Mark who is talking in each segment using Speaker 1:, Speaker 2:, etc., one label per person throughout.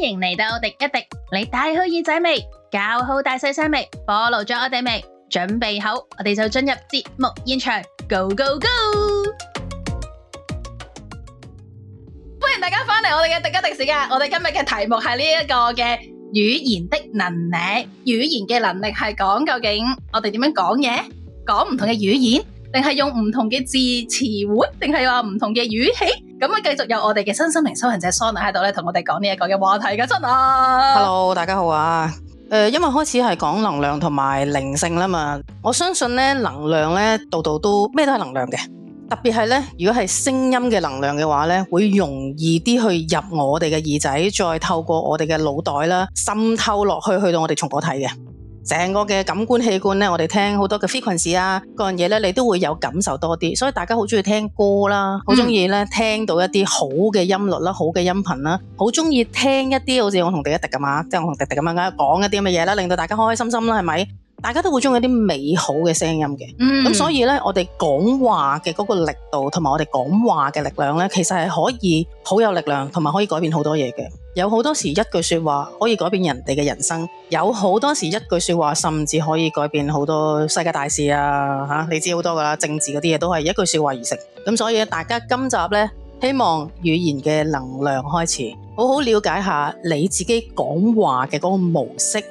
Speaker 1: 歡迎嚟到廸一廸，你戴好耳仔未？搞好大細聲未？暴露咗我哋未？準備好，我哋就進入節目現場，Go Go Go！歡迎大家翻嚟我哋嘅廸一廸時間。我哋今日嘅題目係呢一個嘅語言的能力。語言嘅能力係講究竟我哋點樣講嘢？講唔同嘅語言，定係用唔同嘅字詞彙，定係話唔同嘅語氣？咁啊，繼續有我哋嘅身心靈修行者 Sona 喺度咧，同我哋講呢一個嘅話題嘅，真啊！Hello，
Speaker 2: 大家好啊！誒、呃，因為開始係講能量同埋靈性啦嘛，我相信呢能量呢，度度都咩都係能量嘅，特別係呢，如果係聲音嘅能量嘅話呢，會容易啲去入我哋嘅耳仔，再透過我哋嘅腦袋啦，滲透落去去到我哋從我體嘅。成個嘅感官器官呢，我哋聽好多嘅 frequency 啊，各樣嘢呢，你都會有感受多啲，所以大家好中意聽歌啦，好中意呢聽到一啲好嘅音樂啦，好嘅音頻啦，好中意聽一啲好似我同迪一迪噶嘛，即係我同迪迪咁樣講一啲咁嘅嘢啦，令到大家開開心心啦，係咪？大家都會中意啲美好嘅聲音嘅，咁、嗯、所以咧，我哋講話嘅嗰個力度，同埋我哋講話嘅力量咧，其實係可以好有力量，同埋可以改變好多嘢嘅。有好多時一句說話可以改變人哋嘅人生，有好多時一句說話甚至可以改變好多世界大事啊！吓、啊，你知好多噶啦，政治嗰啲嘢都係一句說話而成。咁所以大家今集咧，希望語言嘅能量開始，好好了解下你自己講話嘅嗰個模式，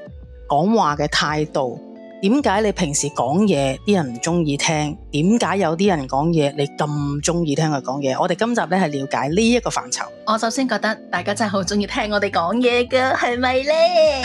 Speaker 2: 講話嘅態度。點解你平時講嘢啲人唔中意聽？點解有啲人講嘢你咁中意聽佢講嘢？我哋今集咧係了解呢一個範疇。
Speaker 1: 我首先覺得大家真係好中意聽我哋講嘢噶，係咪咧？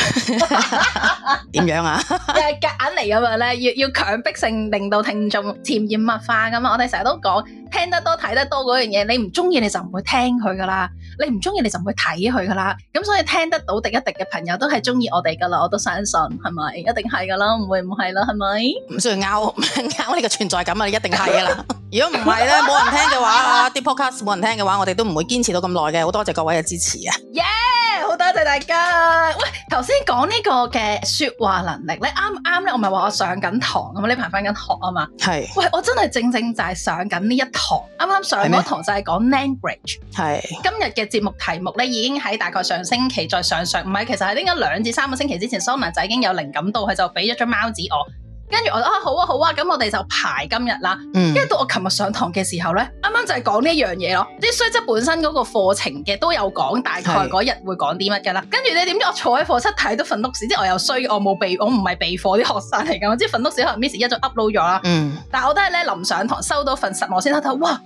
Speaker 2: 點 樣啊？
Speaker 1: 又夾硬嚟咁啊？咧要要強迫性令到聽眾潛移默化噶嘛？我哋成日都講聽得多睇得多嗰樣嘢，你唔中意你就唔會聽佢噶啦。你唔中意你就唔會睇佢噶啦，咁所以聽得到廸一廸嘅朋友都係中意我哋噶啦，我都相信係咪？一定係噶啦，唔會唔係啦，係咪？唔需要
Speaker 2: 拗拗呢個存在感啊，你一定係噶啦。如果唔係咧，冇人聽嘅話，啲 podcast 冇人聽嘅話，我哋都唔會堅持到咁耐嘅。好多謝各位嘅支持啊！
Speaker 1: 耶，好多謝大家。喂，頭先講呢個嘅說話能力，你啱啱咧，我咪話我上緊堂噶嘛？呢排翻緊學啊嘛。係。喂，我真係正正就係上緊呢一堂，啱啱上嗰堂就係講 language。係。今日嘅。節目題目咧已經喺大概上星期再上上，唔係，其實喺點解兩至三個星期之前 Sona 就已經有靈感到，佢就俾咗張貓紙我，跟住我啊好啊好啊，咁我哋就排今日啦。跟住到我琴日上堂嘅時候咧，啱啱就係講呢一樣嘢咯。啲雖即係本身嗰個課程嘅都有講，大概嗰日會講啲乜噶啦。是跟住咧，點知我坐喺課室睇到份 notes 即係我又衰，我冇備，我唔係備課啲學生嚟噶，我知份 notes 可能 Miss 一早 upload 咗啦。但係我都係咧臨上堂收到份實模先睇到，哇！哇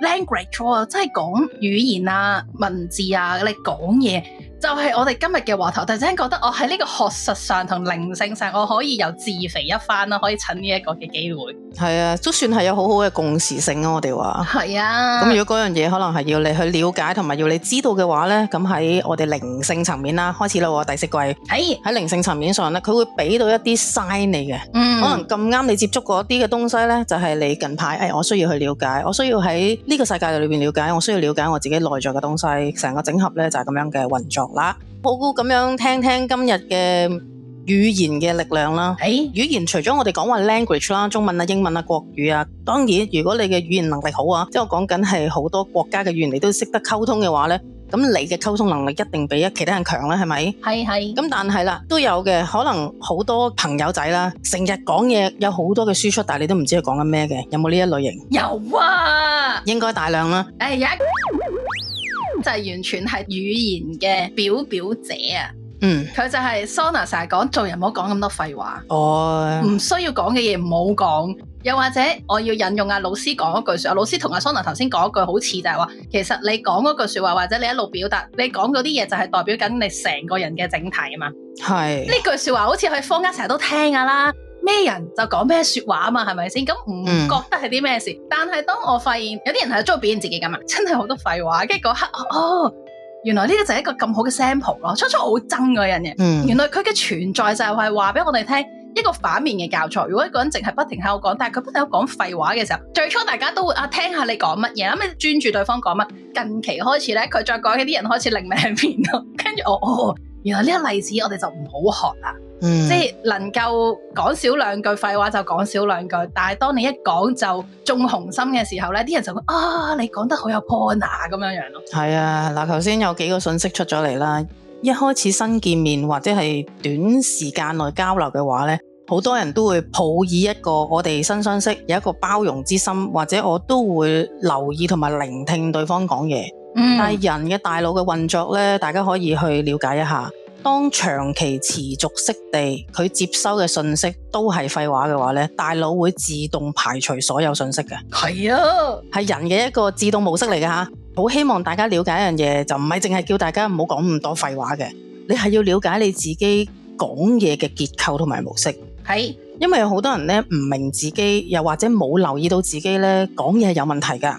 Speaker 1: language 啊，即係講語言啊，文字啊，你講嘢。就係我哋今日嘅話頭，突然間覺得我喺呢個學術上同靈性上，我可以又自肥一番咯，可以趁呢一個嘅機會。
Speaker 2: 係啊，都算係有好好嘅共識性啊。我哋話。
Speaker 3: 係啊。咁如
Speaker 2: 果嗰樣嘢可能係要你去了解，同埋要你知道嘅話咧，咁喺我哋靈性層面啦，開始啦喎，第四季喺喺、哎、靈性層面上咧，佢會俾到一啲 sign 你嘅，嗯、可能咁啱你接觸過一啲嘅東西咧，就係、是、你近排誒、哎，我需要去了解，我需要喺呢個世界裏邊了解，我需要了解我自己內在嘅東西，成個整合咧就係咁樣嘅運作。嗱，好咁樣聽聽今日嘅語言嘅力量啦。誒、欸，語言除咗我哋講話 language 啦，中文啊、英文啊、國語啊，當然如果你嘅語言能力好啊，即係我講緊係好多國家嘅語言你都識得溝通嘅話呢，咁你嘅溝通能力一定比其他人強啦、啊，係咪？係係。咁但係啦，都有嘅，可能好多朋友仔啦，成日講嘢，有好多嘅輸出，但係你都唔知佢講緊咩嘅，有冇呢一類型？
Speaker 1: 有啊，
Speaker 2: 應該大量啦。
Speaker 1: 誒、欸，欸。就係完全係語言嘅表表者啊，嗯，佢就係 Sona 成日講做人唔好講咁多廢話，
Speaker 2: 哦，唔需
Speaker 1: 要講嘅嘢唔好講，又或者我要引用阿、啊、老師講一句說話。阿老師同阿 Sona 頭先講一句好似就係話，其實你講嗰句說話或者你一路表達你講咗啲嘢就係代表緊你成個人嘅整體啊嘛，
Speaker 2: 係是，呢
Speaker 1: 句說話好似喺坊間成日都聽噶、啊、啦。咩人就講咩說話啊嘛，係咪先？咁唔覺得係啲咩事？嗯、但係當我發現有啲人係中意表現自己噶嘛，真係好多廢話。跟住嗰刻哦，原來呢個就係一個咁好嘅 sample 咯。初初好憎嗰人嘅，嗯、原來佢嘅存在就係話俾我哋聽一個反面嘅教材。如果一個人淨係不停喺度講，但係佢不停喺度講廢話嘅時候，最初大家都會啊聽下你講乜嘢，咁樣專注對方講乜。近期開始咧，佢再講，啲人開始另命睇咯。跟住我。哦。原來呢個例子我哋就唔好學啦，嗯、即係能夠講少兩句廢話就講少兩句，但係當你一講就中紅心嘅時候咧，啲人就會啊你講得好有 point 咁
Speaker 3: 樣樣咯。
Speaker 2: 係啊，嗱頭先有幾個信息出咗嚟啦，一開始新見面或者係短時間內交流嘅話咧，好多人都會抱以一個我哋新相識有一個包容之心，或者我都會留意同埋聆聽對方講嘢。但係人嘅大腦嘅運作呢，大家可以去了解一下。當長期持續式地佢接收嘅信息都係廢話嘅話呢，大腦會自動排除所有信息嘅。係啊，係人嘅一個自動模式嚟嘅吓。好希望大家了解一樣嘢，就唔係淨係叫大家唔好講咁多廢話嘅，你係要了解你自己講嘢嘅結構同埋模式。係，因為有好多人呢，唔明自己，又或者冇留意到自己呢講嘢有問題嘅。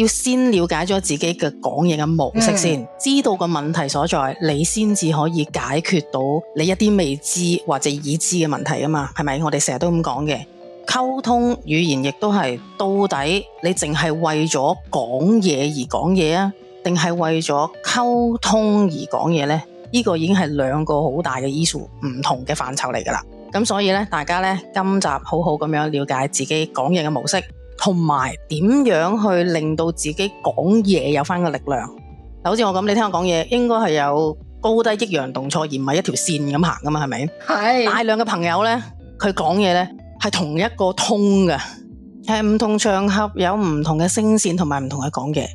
Speaker 2: 要先了解咗自己嘅講嘢嘅模式先，嗯、知道個問題所在，你先至可以解決到你一啲未知或者已知嘅問題啊嘛，係咪？我哋成日都咁講嘅。溝通語言亦都係，到底你淨係為咗講嘢而講嘢啊，定係為咗溝通而講嘢咧？呢、呢個已經係兩個好大嘅 issue 唔同嘅範疇嚟噶啦。咁所以咧，大家咧今集好好咁樣了解自己講嘢嘅模式。同埋點樣去令到自己講嘢有返個力量？嗱，好似我咁，你聽我講嘢，應該係有高低抑揚頓挫，而唔係一條線咁行㗎嘛？係咪？係是大量嘅朋友呢，佢講嘢呢係同一個通嘅，係唔同場合有唔同嘅聲線同埋唔同嘅講嘢。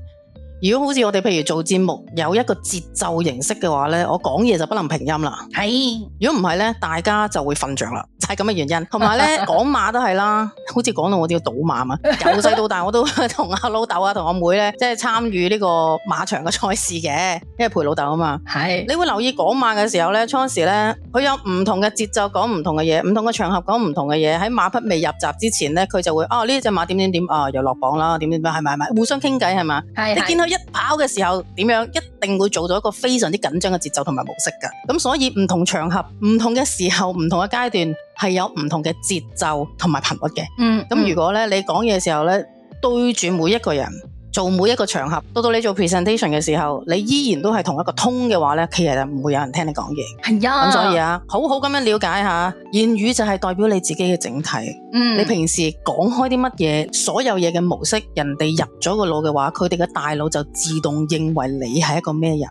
Speaker 2: 如果好似我哋譬如做節目有一個節奏形式嘅話呢，我講嘢就不能平音啦。係是，如果唔係呢，大家就會瞓着啦。係咁嘅原因，同埋咧，講馬都係啦，好似講到我哋要賭馬啊， 由細到大我都同阿老豆啊，同阿妹咧，即係參與呢個馬場嘅賽事嘅，因為陪老豆啊嘛。係是，你會留意講馬嘅時候咧，初時咧，佢有唔同嘅節奏講唔同嘅嘢，唔同嘅場合講唔同嘅嘢。喺馬匹未入閘之前咧，佢就會哦，呢、啊、隻馬點點點啊又落榜啦，點點點係咪？係咪？互相傾偈係嘛？係，是你見佢一跑嘅時候點樣一？定會做到一個非常之緊張嘅節奏同埋模式㗎，咁所以唔同場合、唔同嘅時候、唔同嘅階段係有唔同嘅節奏同埋頻率嘅，嗯。嗯，咁如果咧你講嘢嘅時候咧，對住每一個人。做每一個場合，到到你做 presentation 嘅時候，你依然都係同一個 tone 嘅話呢，其實就唔會有人聽你講嘢。係啊呀，咁所以啊，好好咁樣了解下，言語就係代表你自己嘅整體。嗯，你平時講開啲乜嘢，所有嘢嘅模式，人哋入咗個腦嘅話，佢哋嘅大腦就自動認為你係一個咩人，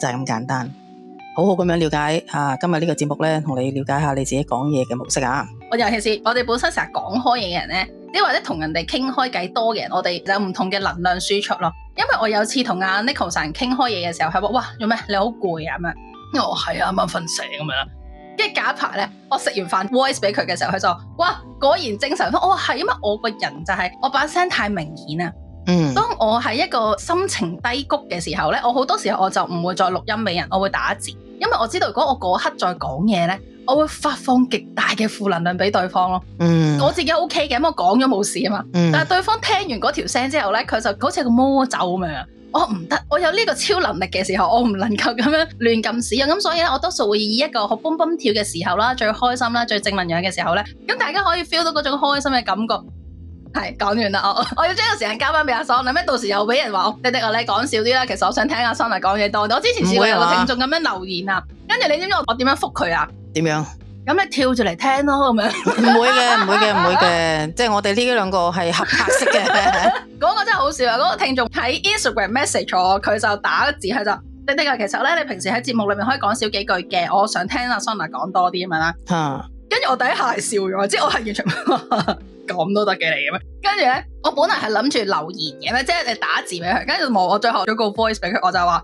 Speaker 2: 就係咁簡單。好好咁樣了解下，今日呢個節目呢，同你了解下你自己講嘢嘅模式啊。
Speaker 1: 我尤其是我哋本身成日講開嘢嘅人呢，你或者同人哋傾開偈多嘅人，我哋有唔同嘅能量輸出咯。因為我有次同阿 Nicholas 人傾開嘢嘅時候，係話哇，做咩你好攰啊咁樣，因為我係啱啱瞓醒咁樣。跟住隔一排咧，我食完飯 voice 俾佢嘅時候，佢就話哇，果然正常翻。哦。我話係因為我個人就係、係、我把聲太明顯啊。嗯，當我喺一個心情低谷嘅時候咧，我好多時候我就唔會再錄音俾人，我會打字，因為我知道如果我嗰刻再講嘢咧。我會發放極大嘅負能量俾對方咯，嗯、我自己 O K 嘅，咁我講咗冇事啊嘛。嗯、但係對方聽完嗰條聲之後咧，佢就好似個魔咒咁樣，我唔得，我有呢個超能力嘅時候，我唔能夠咁樣亂撳屎啊。咁所以咧，我多數會以一個好蹦蹦跳嘅時候啦，最開心啦，最正能量嘅時候咧，咁大家可以 feel 到嗰種開心嘅感覺。係講完啦，我我要將個時間交翻俾阿桑，你咩到時又俾人話我廸廸啊，你講少啲啦。其實我想聽阿桑嚟講嘢多啲。我之前試過有個聽眾咁樣留言啊，跟住你知唔知我我點樣覆佢啊？
Speaker 2: 點樣？咁你跳住嚟聽咯，咁樣唔會嘅，唔會嘅，唔會嘅。 即係我哋呢兩個係合拍式嘅。
Speaker 1: 嗰 個真係好笑啊！嗰、嗰個聽眾喺 Instagram message 我，佢就打字，佢就的確 其實咧，你平時喺節目裏面可以講少幾句嘅，我想聽阿 Sona 講多啲咁樣啦。吓，跟住我第一下係笑咗，即係我係完全咁 都得嘅你咩？跟住咧，我本來係諗住留言嘅咩？即係你打字俾佢，跟住冇，我最後錄咗個 voice 俾佢，我就話。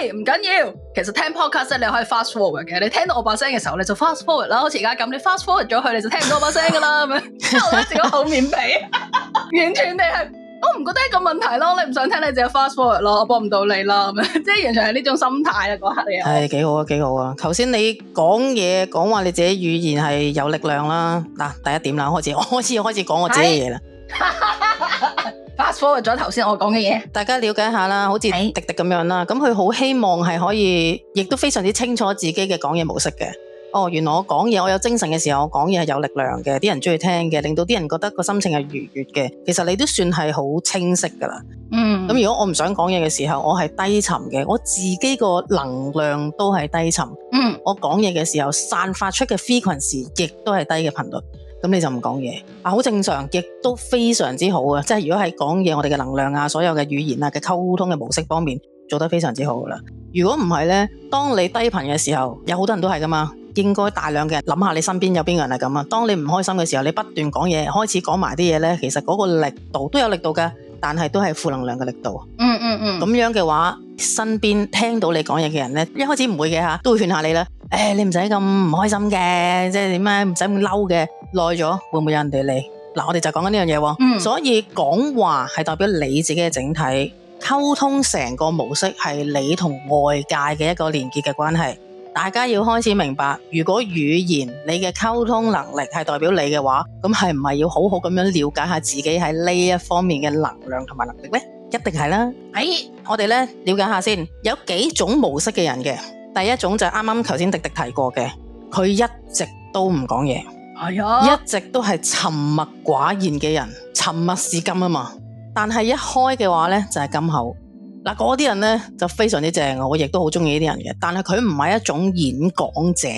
Speaker 1: 喂，唔緊要，其實聽 podcast 你可以 fast forward 嘅，你聽到我把聲嘅時候你就 fast forward 啦，好似而家咁，你 fast forward 咗佢，你就聽唔到我把聲噶啦咁樣，又你 自己好面皮， 完全你係，我唔覺得係一個問題咯，你唔想聽你自己 fast forward 咯，我幫唔到你啦咁樣，即係完全係呢種心態啊，嗰刻好好你係，
Speaker 2: 幾好啊，幾好啊。頭先你講嘢講話你自己語言係有力量啦，嗱第一點啦，開始我開始我開始講我，我自己嘢啦。Hey. p a 咗頭先我講嘅嘢，大家了解一下啦，好似滴滴咁樣啦，咁佢好希望係可以，亦都非常之清楚自己嘅講嘢模式嘅。哦，原來我講嘢，我有精神嘅時候，我講嘢係有力量嘅，啲人中意聽嘅，令到啲人覺得個心情係愉悅嘅。其實你都算係好清晰噶啦。嗯。咁如果我唔想講嘢嘅時候，我係低沉嘅，我自己個能量都係低沉。嗯。我講嘢嘅時候，散發出嘅 frequency 亦都係低嘅頻率。咁你就唔講嘢，啊好正常，亦都非常之好啊！即係如果喺講嘢，我哋嘅能量啊，所有嘅語言啊嘅溝通嘅模式方面做得非常之好噶啦。如果唔係呢，當你低頻嘅時候，有好多人都係噶嘛，應該大量嘅人諗下你身邊有邊個人係咁啊。當你唔開心嘅時候，你不斷講嘢，開始講埋啲嘢咧，其實嗰個力度都有力度嘅，但係都係負能量嘅力度。嗯嗯
Speaker 3: 嗯。咁
Speaker 2: 樣嘅話，身邊聽到你講嘢嘅人呢，一開始唔會嘅，都會勸下你啦。誒，你唔使咁唔開心嘅？即係點解唔使咁嬲嘅？耐咗會唔會有人哋嚟？嗱，我哋就講緊呢樣嘢，嗯，所以講話係代表你自己嘅整體溝通成個模式，係你同外界嘅一個連結嘅關係。大家要開始明白，如果語言你嘅溝通能力係代表你嘅話，咁係唔係要好好咁樣了解下自己喺呢一方面嘅能量同埋能力呢？一定係啦。誒，我哋呢了解下先，有幾種模式嘅人嘅。第一種就係啱啱頭先廸廸提過嘅，佢一直都唔講嘢，係啊、哎呀，一直都係沉默寡言嘅人，沉默是金啊嘛。但係一開嘅話咧，就係、是、金口嗱，嗰啲人咧就非常之正，我亦都好中意呢啲人嘅。但係佢唔係一種演講者，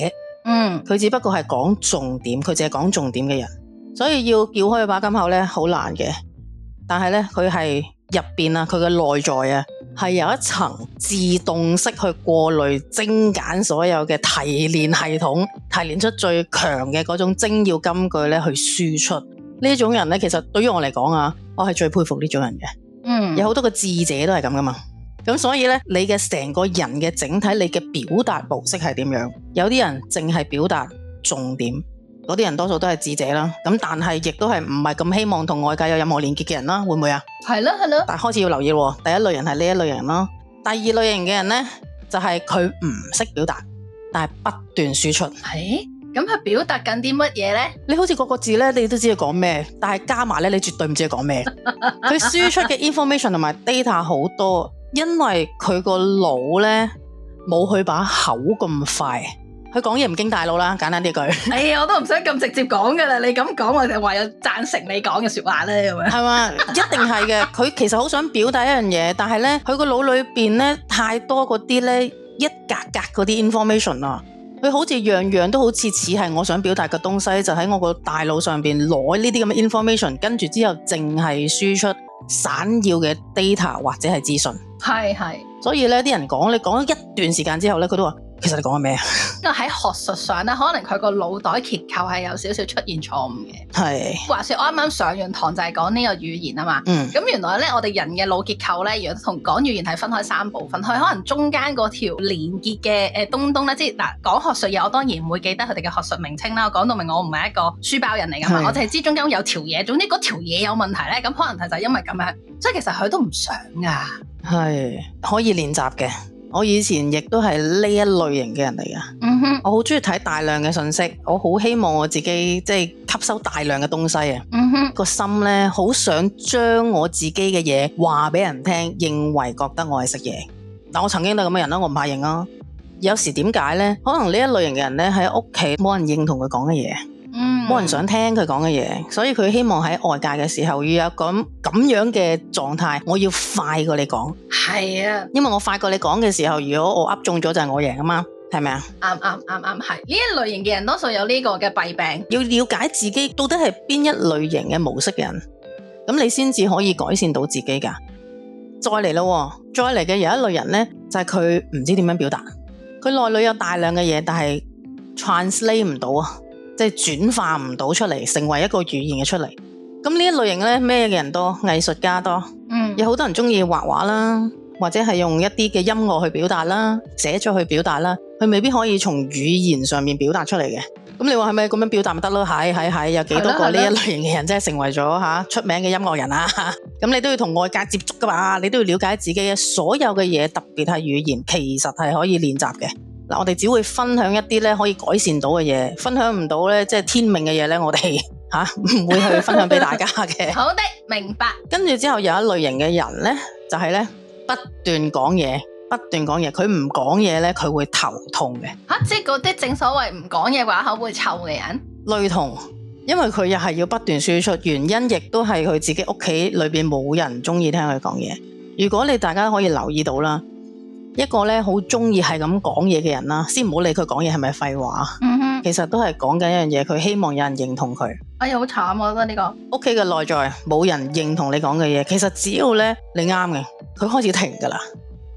Speaker 2: 嗯，佢只不過係講重點，佢淨係講重點嘅人，所以要撬開把金口咧，好難嘅。但係咧，佢係入邊啊，佢嘅內在啊。係有一層自動式去過濾、精簡所有嘅提煉系統，提煉出最強嘅嗰種精要金句咧，去輸出呢一種人咧。其實對於我嚟講啊，我係最佩服呢種人嘅。嗯，有好多嘅智者都係咁噶嘛。咁所以咧，你嘅成個人嘅整體，你嘅表達模式係點樣？有啲人淨係表達重點。嗰啲人多數都係智者啦，咁但係亦都係唔係咁希望同外界有任何連結嘅人啦，會唔會啊？係咯，係咯，但開始要留意。第一類人係呢一類人啦，第二類型嘅人呢，就係佢唔識表達，但係不斷輸出。係，咁佢表達緊啲乜嘢呢？你好似個個字呢，你都知佢講咩，但係加埋呢，你絕對唔知佢講咩。佢輸 出嘅 information 同埋 data 好多，因為佢個腦呢冇佢把口咁快。佢講嘢唔經大腦啦，簡單啲句。
Speaker 1: 哎呀，我都唔想咁直接講噶啦，你咁講我就唯有贊成你講嘅說話咧，咁
Speaker 2: 樣。係嘛，一定係嘅。佢 其實好想表達一樣嘢，但係咧，佢個腦裏邊咧太多嗰啲，咧一格格嗰啲 information 啊，佢好似樣樣都好似似係我想表達嘅東西，就喺、是、我個大腦上邊攞呢啲咁嘅 information，跟住之後淨係輸出閃耀嘅 data 或者係資訊。係係是。所以咧，啲人講，你講咗一段時間之後咧，佢都話。其實你講緊咩啊？ 因
Speaker 1: 為喺學術上咧，可能佢個腦袋結構係有少少出現錯誤嘅。
Speaker 3: 係是。
Speaker 1: 話說我啱啱上完堂就係講呢個語言啊嘛。嗯。咁原來咧，我哋人嘅腦結構咧，如果同講語言係分開三部分，佢可能中間嗰條連結嘅誒、呃、東東咧，即係嗱、啊、講學術嘢，我當然唔會記得佢哋嘅學術名稱啦。我講到明，我唔係一個書包人嚟噶嘛，是我淨係知中間有條嘢，總之嗰條嘢有問題咧，咁可能就就因為咁樣，即係其實佢都唔想
Speaker 2: 噶、啊。係，可以練習嘅。我以前亦都係呢一類型嘅人嚟㗎，mm
Speaker 3: hmm.
Speaker 2: 我好中意睇大量嘅信息，我好希望我自己即係吸收大量嘅東西啊，個、mm hmm. 心呢，好想將我自己嘅嘢話俾人聽，認為覺得我係識嘢，但我曾經都係咁嘅人啦，我唔怕認啊。有時點解呢？可能呢一類型嘅人呢，喺屋企冇人認同佢講嘅嘢。嗯，冇人想聽佢講嘅嘢，所以佢希望喺外界嘅時候要有咁咁樣嘅狀態。我要快過你講，
Speaker 3: 係啊，
Speaker 2: 因為我快過你講嘅時候，如果我噏中咗就係我贏啊嘛，係咪啊？啱
Speaker 1: 啱啱啱係。呢一類型嘅人，多數有呢個嘅弊病。
Speaker 2: 要了解自己到底係邊一類型嘅模式嘅人，咁你先至可以改善到自己噶。再嚟咯、哦，再嚟嘅有一類人呢，就係佢唔知點樣表達，佢內裏有大量嘅嘢，但係 translate 唔到啊。即係轉化唔到出嚟，成為一個語言嘅出嚟。咁呢一類型咧，咩嘅人多？藝術家多。嗯。有好多人中意畫畫啦，或者係用一啲嘅音樂去表達啦，寫出去表達啦，佢未必可以從語言上面表達出嚟嘅。咁你話係咪咁樣表達咪得咯？係係係，有幾多個呢一類型嘅人，即係成為咗吓出名嘅音樂人啊？咁 你都要同外界接觸噶嘛，你都要了解自己嘅所有嘅嘢，特別係語言其實係可以練習嘅。我哋只會分享一啲咧可以改善到嘅嘢，分享唔到咧即係天命嘅嘢咧，我哋吓唔會去分享俾大家嘅。
Speaker 1: 好的，明白。
Speaker 2: 跟住之後有一類型嘅人呢就係、是、呢不斷講嘢，不斷講嘢，佢唔講嘢呢佢會頭痛嘅。
Speaker 1: 吓、啊，即係嗰啲正所謂唔講嘢話口會，會臭嘅人，
Speaker 2: 類同，因為佢又係要不斷輸出，原因亦都係佢自己屋企裏邊冇人中意聽佢講嘢。如果你大家可以留意到啦。一個咧好中意係咁講嘢嘅人啦，先唔好理佢講嘢係咪廢話。嗯哼，其實都係講緊一樣嘢，佢希望有人認同佢。
Speaker 1: 哎呀，好慘啊！真係呢個
Speaker 2: 屋企嘅內在冇人認同你講嘅嘢。其實只要咧你啱嘅，佢開始停噶啦。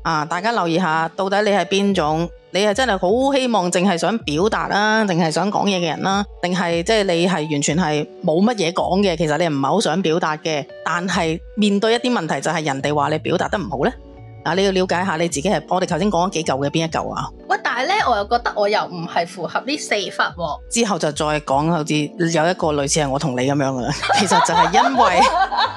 Speaker 2: 啊，大家留意下，到底你係邊種？你係真係好希望淨係想表達啦，淨係想講嘢嘅人啦，定係即係你係完全係冇乜嘢講嘅？其實你唔係好想表達嘅，但係面對一啲問題就係人哋話你表達得唔好呢。嗱、啊，你要了解下你自己係，我哋頭先講咗幾嚿嘅邊一嚿啊？
Speaker 1: 喂，但係咧我又覺得我又唔係符合呢四
Speaker 2: 法喎、啊。之後就再講，好似有一個類似係我同你咁樣噶啦。其實就係因為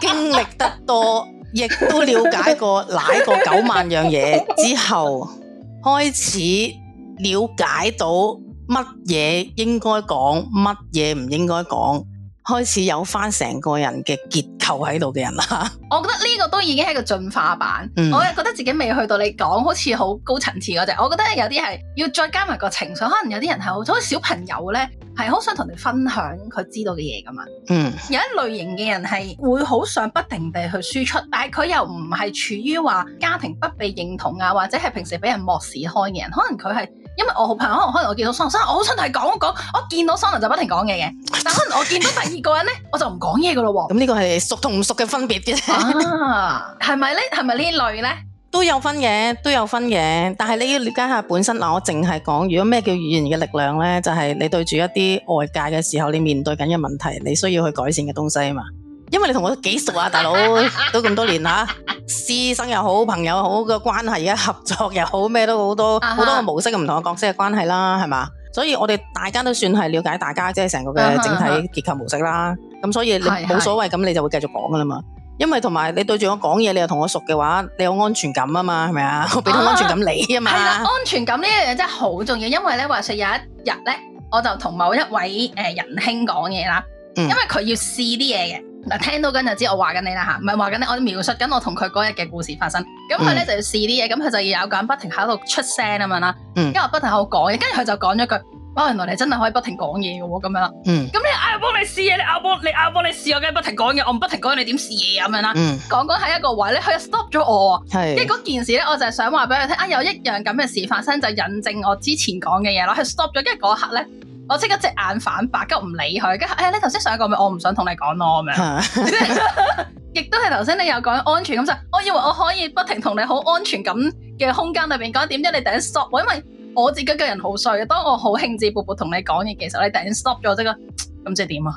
Speaker 2: 經歷得多，亦 都了解過乃過九萬樣嘢之後，開始了解到乜嘢應該講，乜嘢唔應該講。開始有返成個人嘅結構喺度嘅人啦，
Speaker 1: 我覺得呢個都已經係個進化版。嗯、我係覺得自己未去到你講好似好高層次嗰隻，我覺得有啲係要再加埋個情緒，可能有啲人係好，好似小朋友呢，係好想同你分享佢知道嘅嘢㗎嘛。嗯，有一類型嘅人係會好想不停地去輸出，但係佢又唔係處於話家庭不被認同啊，或者係平時俾人漠視開嘅人，可能佢係。因為我好朋友可能我見到桑拿，我好想同你講講，我見到桑人就不停講嘢嘅。但可能我見到第二個人咧，我就唔講嘢噶咯喎。咁呢個係熟同唔熟嘅分別嘅。啊，係咪咧？係咪呢類咧？
Speaker 2: 都有分嘅，都有分嘅。但係你要了解下本身嗱，我淨係講，如果咩叫語言嘅力量咧，就係你對住一啲外界嘅時候，你面對緊嘅問題，你需要去改善嘅東西啊嘛。因為你同我幾熟啊，大佬 都咁多年吓，師、啊、生又好，朋友好嘅，這個、關係啊，合作又好，咩都好多好、啊、是 多嘅模式唔同角色嘅關係啦，係嘛？所以我哋大家都算係了解大家即係成個嘅整體結構模式啦。咁所以你冇所謂，咁、啊、是 你就會繼續講噶啦嘛。因為同埋你對住我講嘢，你又同我熟嘅話，你有安全感啊嘛，係咪啊？我俾到安全感你啊嘛。
Speaker 1: 係啦，安全感呢樣嘢真係好重要，因為咧話說有一日咧，我就同某一位誒仁兄講嘢啦，因為佢要試啲嘢嘅。 嗱，聽到緊就知我話緊你啦嚇，唔係話緊你，我描述緊我同佢嗰日嘅故事發生。咁佢咧就要試啲嘢，咁佢就要有個人不停喺度出聲咁樣啦。嗯、因為不停喺度講嘢，跟住佢就講咗句，哦，原來你真係可以不停講嘢嘅喎，咁樣。啦、嗯，咁你阿、哎、幫你試嘢，你阿幫你阿幫你試，我梗係不停講嘢，我唔不停講你點試嘢咁樣啦。嗯，講講喺一個位咧，佢又 stop 咗我。係。跟住嗰件事咧，我就係想話俾佢聽，啊，有一樣咁嘅事發生，就引證我之前講嘅嘢咯。佢 stop 咗，跟住嗰刻咧。我即刻隻眼反白，急唔理佢，跟住哎，你頭先上一個咩，我唔想同你講咯咁樣，亦都係頭先你有講安全咁就，我以為我可以不停同你好安全咁嘅空間裏邊講，點知你突然 stop 我，因為我自己個人好衰嘅，當我好興致勃勃同你講嘢，其實你突然 stop 咗，即刻咁即係點啊？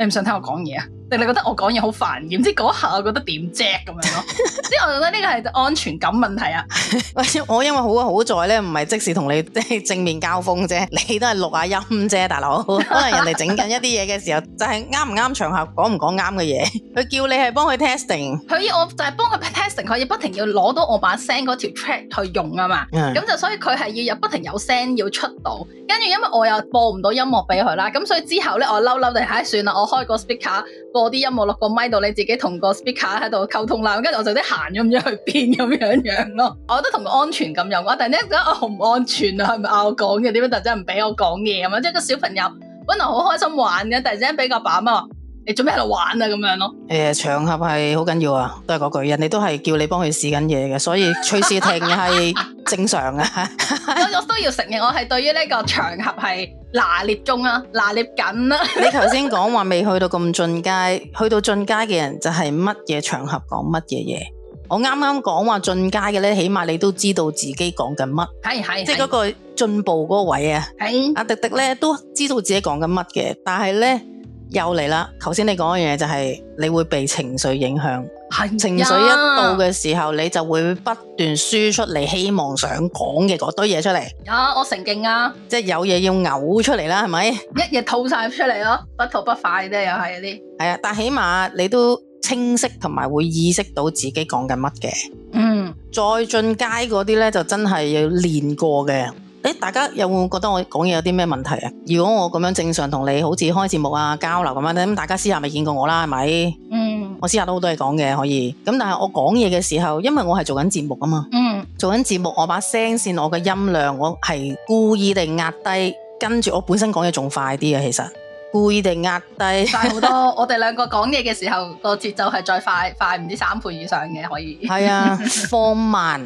Speaker 1: 你唔想聽我講嘢啊？你覺得我講嘢好煩，點知嗰下我覺得點啫咁樣咯？即係 我覺得呢個係安全感問題
Speaker 2: 啊！ 我因為好啊好在咧，唔係即時同你即係 正面交鋒啫，你都係錄下音啫，大佬。可能人哋整緊一啲嘢嘅時候，就係啱唔啱場合講唔講啱嘅嘢。佢 叫你係幫佢 testing，
Speaker 1: 佢要我就係幫佢 testing。佢要不停要攞到我把聲嗰條 track 去用啊嘛。咁的就所以佢係要有不停有聲要出到，跟住因為我又播唔到音樂俾佢啦，咁所以之後咧我嬲嬲地，唉算啦，我開個 speaker。播啲音樂落個咪度，你自己同個 speaker 喺度溝通啦。跟住我就啲行咁樣去邊咁樣樣咯。我覺得同安全咁樣，我突然間覺得我好唔安全啊，係咪啊？我講嘢點解突然間唔俾我講嘢咁啊？即係個小朋友本來好開心玩嘅，突然間俾個爸阿媽。你做咩喺度玩啊？咁
Speaker 2: 樣咯，誒，場合係好緊要啊，都係嗰句，人哋都係叫你幫佢試緊嘢嘅，所以隨時停係正常嘅。
Speaker 1: 我都要承認，我係對於呢個場合係拿捏中啊，拿捏緊啦。你頭先
Speaker 2: 講話未去到咁進階，去到進階嘅人就係乜嘢場合講乜嘢嘢。我啱啱講話進階嘅咧，起碼你都知道自己講緊乜。係係，即係嗰個進步嗰位啊。係嘅。阿廸廸咧都知道自己講緊乜嘅，但係咧。又嚟啦！頭先你講嘅嘢就係，係，你會被情緒影響，呀，情緒一到嘅時候，你就會不斷輸出你希望想講嘅嗰堆嘢出嚟。
Speaker 1: 啊，我成勁啊！
Speaker 2: 即係有嘢要嘔出嚟啦，係咪？一日吐晒出嚟咯，不吐不快啫，又係嗰啲。係啊，但起碼你都清晰同埋會意識到自己講緊乜嘅。嗯，再進階嗰啲呢，就真係要練過嘅。誒，大家有冇覺得我講嘢有啲咩問題啊？如果我咁樣正常同你好似開節目啊、交流咁樣咧，咁大家私下咪見過我啦，係咪？嗯，我私下都好多嘢講嘅，可以。咁但係我講嘢嘅時候，因為我係做緊節目啊嘛。嗯。做緊節目，我把聲線、我嘅音量，我係故意地壓低，跟住我本身講嘢仲快啲嘅，其實故意地壓低。快 好多！
Speaker 1: 我哋兩個講嘢嘅時候個節奏係再快，快唔知三倍以上嘅，可以。係 啊，
Speaker 2: 放慢。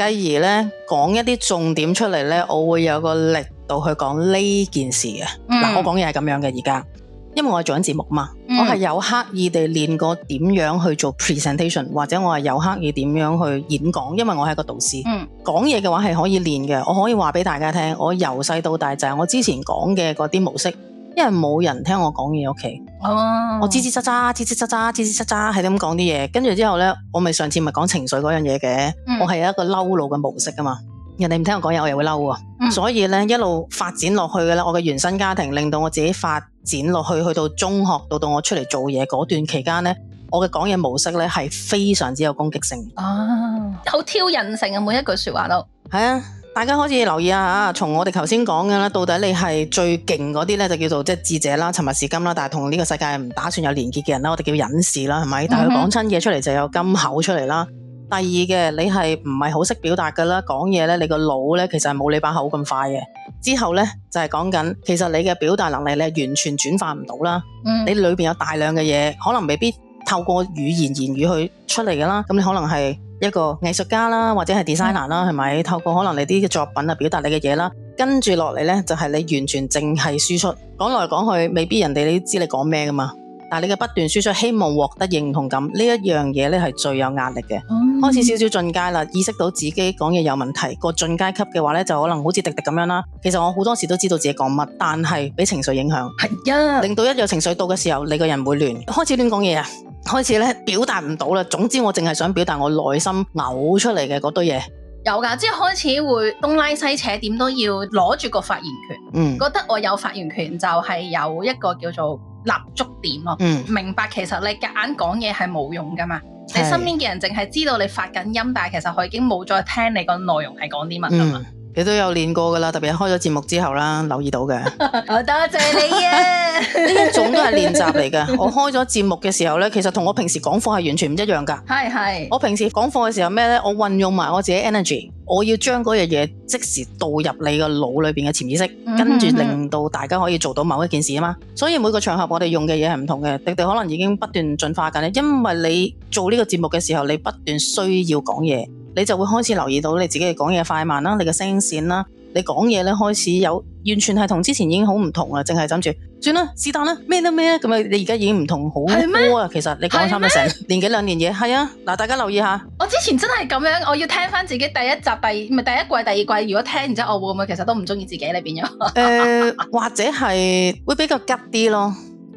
Speaker 2: 繼而咧講一啲重點出嚟咧，我會有個力度去講呢件事嘅。嗱、嗯，我講嘢係咁樣嘅，而家因為我係做緊節目嘛，嗯、我係有刻意地練過點樣去做 presentation，或者我係有刻意點樣去演講，因為我係一個導師，嗯、講嘢嘅話係可以練嘅。我可以話俾大家聽，我由細到大就係我之前講嘅嗰啲模式。因為冇人聽我講嘢，屋企、
Speaker 3: oh, oh.，我吱
Speaker 2: 吱喳喳、吱吱喳喳、吱吱喳喳，係咁講啲嘢。跟住之後呢，我咪上次咪講情緒嗰樣嘢嘅，uh. 我係一個嬲怒嘅模式噶嘛。人哋唔聽我講嘢，我又會嬲啊。Uh. 所以呢，一路發展落去嘅啦，我嘅原生家庭令到我自己發展落去，去到中學到到我出嚟做嘢嗰段期間呢，我嘅講嘢模式呢係非常之有攻擊性。啊
Speaker 1: ，oh. 好挑人性啊，每一句
Speaker 2: 說話都係啊。大家可以留意下，吓！從我哋頭先講嘅啦，到底你係最勁嗰啲咧，就叫做即係智者啦、沉默是金啦，但係同呢個世界唔打算有連結嘅人咧，我哋叫隱士啦，係咪？但係佢講親嘢出嚟就有金口出嚟啦。第二嘅你係唔係好識表達㗎啦？講嘢咧，你個腦咧其實係冇你把口咁快嘅。之後咧就係講緊，其實你嘅表達能力你係完全轉化唔到啦。嗯、你裏邊有大量嘅嘢，可能未必透過語言言語去出嚟嘅啦。咁你可能係。一個藝術家啦，或者係 designer 啦，係咪？透過可能你啲嘅作品啊，表達你嘅嘢啦。跟住落嚟咧，就係、是、你完全淨係輸出，講來講去，未必人哋都知你講咩㗎嘛。但你嘅不斷輸出，希望獲得認同感呢一樣嘢咧，係最有壓力嘅。嗯、開始少少進階啦，意識到自己講嘢有問題。個進階級嘅話呢，就可能好似廸廸咁樣啦。其實我好多時都知道自己講乜，但係俾情緒影響，係啊呀，令到一有情緒到嘅時候，你個人會亂，開始亂講嘢啊。開始咧表達唔到啦，總之我淨係想表達我內心嘔出嚟嘅嗰堆嘢。
Speaker 3: 有
Speaker 1: 噶，即係開始會東拉西扯，點都要攞住個發言權。嗯，覺得我有發言權就係有一個叫做立足點咯。嗯，明白其實你夾硬講嘢係冇用噶嘛，是你身邊嘅人淨係知道你發緊音，但係其實佢已經冇再聽你個內容係講啲乜噶嘛。嗯
Speaker 2: 你都有練過噶啦，特別開咗節目之後啦，留意到嘅。
Speaker 1: 好
Speaker 3: 多謝你啊，呢種都係練習嚟嘅。我
Speaker 2: 開咗節目嘅時候呢，其實同我平時講課係完全唔一樣噶。係係，我平時講課嘅時候咩呢？我運用埋我自己 energy，我要將嗰樣嘢即時導入你個腦裏面嘅潛意識，跟住令到大家可以做到某一件事啊嘛。 所以每個場合我哋用嘅嘢係唔同嘅，你哋可能已經不斷進化緊。因為你做呢個節目嘅時候，你不斷需要講嘢。你就會開始留意到你自己嘅講嘢快慢啦，你嘅聲線啦，你講嘢咧開始有完全係同之前已經好唔同啦！淨係諗住，算啦，是但啦，咩都咩咁啊！你而家已經唔同好多啊！嗎其實你講差唔多成年幾兩年嘢，係啊！嗱，大家留意下。
Speaker 1: 我之前真係咁樣，我要聽翻自己第一集、第二唔係第一季、第二季。如果聽完之後，我會唔會其實都唔中意自己？你變咗
Speaker 2: 誒、 呃，或者係會比較急啲咯。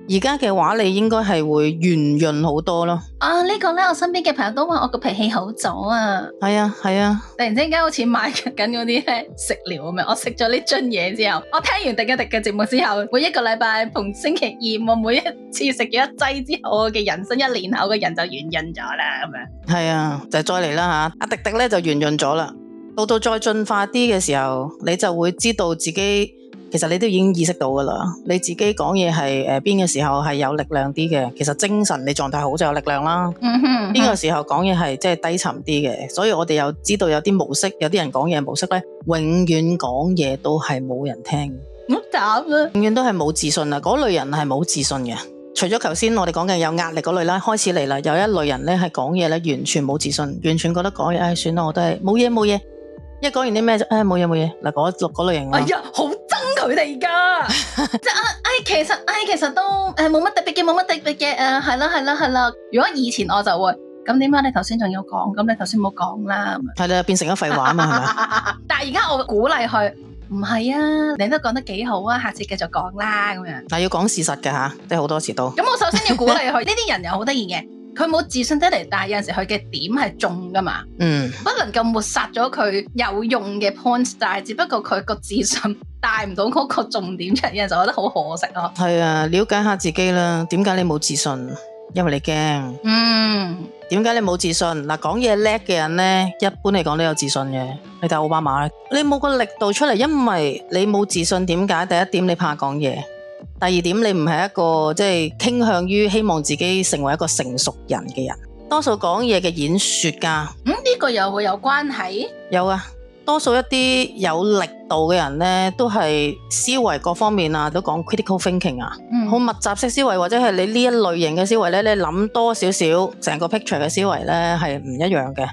Speaker 2: 而家嘅話，你應該係會圓潤好多咯。
Speaker 1: 啊，這個、呢個咧，我身邊嘅朋友都話我個脾氣好咗啊。係啊，係啊，突然之間好似買緊嗰啲食療咁樣。我食咗呢樽嘢之後，我聽完迪一迪嘅節目之後，每一個禮拜逢星期二，我每一次食咗一劑之後，我嘅人生一年後嘅人就圓潤咗啦。咁樣
Speaker 2: 係啊，就是、再嚟啦吓。阿迪迪咧就圓潤咗啦。到到再進化啲嘅時候，你就會知道自己。其實你都已經意識到噶啦，你自己講嘢係誒邊個時候係有力量啲嘅，其實精神你狀態好就有力量啦。邊個時候講嘢係即係低沉啲嘅，所以我哋又知道有啲模式，有啲人講嘢模式咧，永遠講嘢都係冇人聽，唔答啦，永遠都係冇自信啊！嗰類人係冇自信嘅，除咗頭先我哋講嘅有壓力嗰類啦，開始嚟啦，有一類人咧係講嘢咧完全冇自信，完全覺得講嘢唉算啦，我都係冇嘢冇嘢，一講完啲咩就誒冇嘢冇嘢，嗱嗰六嗰類型啊，
Speaker 1: 好。佢哋噶，即係誒，其實誒，其實都誒冇乜特別嘅，冇乜特別嘅，誒係啦，係啦，係啦。如果以前我就會，咁點解你頭先仲要講？咁你頭先冇講啦，
Speaker 2: 係啦，變成咗廢話啊嘛，係嘛？
Speaker 1: 但係而家我鼓勵佢，唔係啊，你都講得幾好啊，下次繼續講啦，咁樣。
Speaker 2: 但係要講事實嘅吓，即係好多次都。
Speaker 1: 咁 我首先要鼓勵佢，呢啲人又好得意嘅。佢冇自信得嚟，但有陣佢嘅點係重噶嘛，嗯、不能夠抹殺咗佢有用嘅 point 但係只不過佢個自信帶唔到嗰個重點出，有陣時我覺得好可惜
Speaker 2: 咯、啊。係啊，了解一下自己啦，點解你冇自信？因為你驚。嗯。點解你冇自信？嗱，講嘢叻嘅人咧，一般嚟講都有自信嘅。你睇奧巴馬，你冇個力度出嚟，因為你冇自信。點解？第一點，你怕講嘢。第二點，你唔係一個即係傾向於希望自己成為一個成熟人嘅人，多數講嘢嘅演說家，咁
Speaker 1: 呢、嗯這個又會有關係？
Speaker 2: 有啊，多數一啲有力度嘅人呢，都係思維各方面啊，都講 critical thinking 啊，好、嗯、密集式思維或者係你呢一類型嘅思維呢，你諗多少少成個 picture 嘅思維呢，係唔一樣嘅。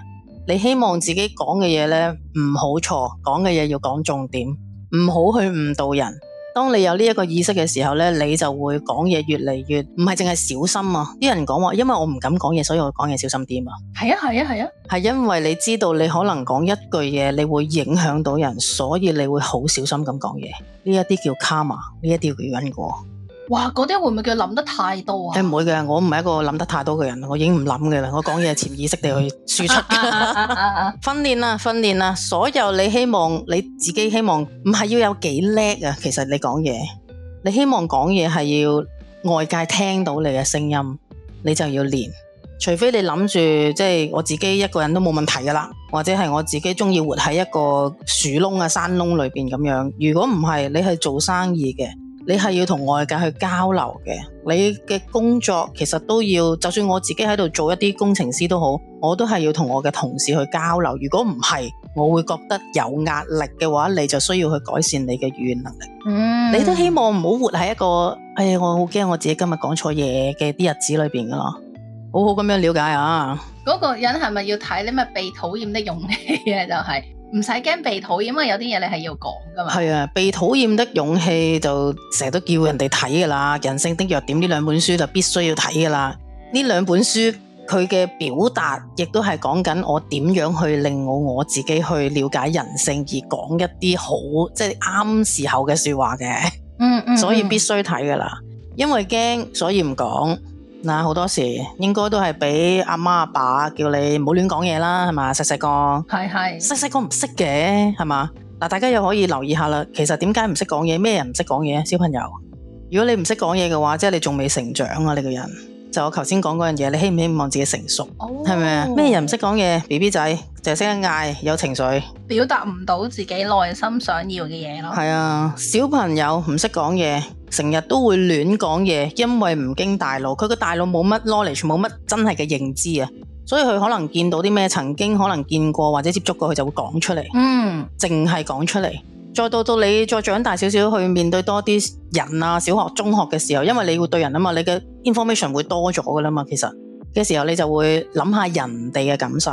Speaker 2: 你希望自己講嘅嘢呢，唔好錯，講嘅嘢要講重點，唔好去誤導人。當你有呢一個意識嘅時候呢，你就會講嘢越嚟越唔係淨係小心啊！啲人講話，因為我唔敢講嘢，所以我講嘢小心啲嘛。
Speaker 3: 係啊，係啊，係啊，
Speaker 2: 係因為你知道你可能講一句嘢，你會影響到人，所以你會好小心咁講嘢。呢一啲叫卡瑪，呢一啲叫因果。
Speaker 1: 哇！嗰啲會唔會叫諗得太多啊？你
Speaker 2: 唔、欸、會嘅，我唔係一個諗得太多嘅人，我已經唔諗嘅啦。我講嘢係潛意識地去輸出嘅。 訓練啊，訓練啊！所有你希望你自己希望，唔係要有幾叻啊？其實你講嘢，你希望講嘢係要外界聽到你嘅聲音，你就要練。除非你諗住即係我自己一個人都冇問題㗎喇，或者係我自己鍾意活喺一個樹窿啊、山窿裏邊咁樣。如果唔係，你係做生意嘅。你係要同外界去交流嘅，你嘅工作其實都要，就算我自己喺度做一啲工程師都好，我都係要同我嘅同事去交流。如果唔係，我會覺得有壓力嘅話，你就需要去改善你嘅語言能力。嗯，你都希望唔好活喺一個，哎我好驚我自己今日講錯嘢嘅啲日子裏邊噶啦，好好咁樣了解啊。
Speaker 1: 嗰個人係咪要睇你咪被討厭的勇氣呀？就係。唔使驚被討厭，因為有啲嘢你係要講噶嘛。
Speaker 2: 係啊，被討厭的勇氣就成日都叫人哋睇噶啦，《人性的弱點》呢兩本書就必須要睇噶啦。呢兩本書佢嘅表達，亦都係講緊我點樣去令我我自己去了解人性而，而講一啲好即係啱時候嘅說話嘅。嗯。嗯
Speaker 3: 嗯，所以必
Speaker 2: 須因為。所以必須睇噶啦，因為驚所以唔講。好多時應該都係畀阿媽阿爸叫你唔好亂講嘢啦，係嘛？細細個，係係細細個唔識嘅，係 嘛樂？嗱，大家又可以留意下啦。其實點解唔識講嘢？咩人唔識講嘢啊？小朋友，如果你唔識講嘢嘅話，即係你仲未成長啊，你個人。就我頭先講嗰樣嘢，你希唔希望自己成熟？
Speaker 3: 係咪啊？咩
Speaker 2: 人唔識講嘢？BB 仔淨係識得嗌，有情緒，
Speaker 1: 表達唔到自己內心想要嘅嘢咯。係
Speaker 2: 啊，小朋友唔識講嘢，成日都會亂講嘢，因為唔經大腦，佢個大腦冇乜 knowledge，冇乜真係嘅認知啊，所以佢可能見到啲咩，曾經可能見過或者接觸過，佢就會講出嚟。嗯，淨係講出嚟。再到到你再長大少少去面對多啲人啊，小學、中學嘅時候，因為你會對人啊嘛，你嘅 information 會多咗噶啦嘛，其實嘅時候你就會諗下人哋嘅感受。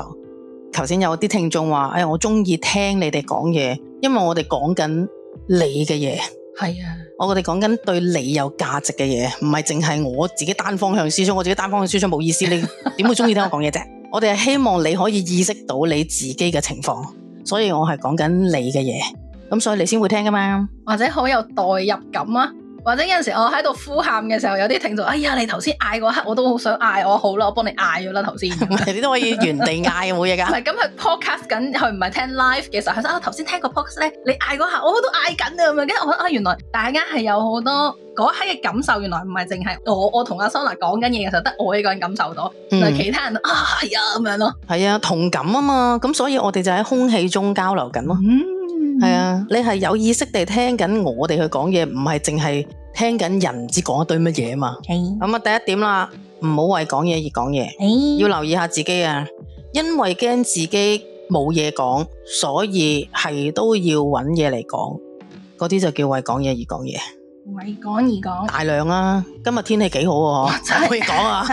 Speaker 2: 頭先有啲聽眾話：哎，我中意聽你哋講嘢，因為我哋講緊你嘅嘢。係啊，我哋講緊對你有價值嘅嘢，唔係淨係我自己單方向輸出，我自己單方向輸出冇意思。你點會中意聽我講嘢啫？ 我哋係希望你可以意識到你自己嘅情況，所以我係講緊你嘅嘢。咁所以你先會聽噶嘛？
Speaker 1: 或者好有代入感啊！或者有陣時我喺度呼喊嘅時候，有啲聽眾，哎呀，你頭先嗌嗰刻，我都好想嗌我好啦，我幫你嗌咗啦頭先，你都可以原地嗌冇嘢噶。唔係咁，佢 podcast 緊，佢唔係聽 live 嘅時候，佢啊頭先聽個 podcast 咧，你嗌嗰刻，我都嗌緊啊咁樣，跟住我啊、哎、原來大家係有好多嗰刻嘅感受，原來唔係淨係我，我同阿桑娜講緊嘢嘅時候，得我一個人感受到，但
Speaker 2: 係、嗯、其
Speaker 3: 他人、哎、啊係啊
Speaker 2: 咁樣咯，係啊同感啊嘛，咁所以我哋就喺空氣中交流緊咯。嗯係、mm hmm. 啊，你係有意識地聽緊我哋去講嘢，唔係淨係聽緊人唔知講一堆乜嘢嘛。咁啊 Okay.、嗯，第一點啦，唔好為講嘢而講嘢。Hey. 要留意下自己啊，因為驚自己冇嘢講，所以係都要揾嘢嚟講。嗰啲就叫為講嘢而講嘢。
Speaker 1: 為講而講。大
Speaker 2: 量啊，今日天氣幾好啊，可
Speaker 1: 以講 啊。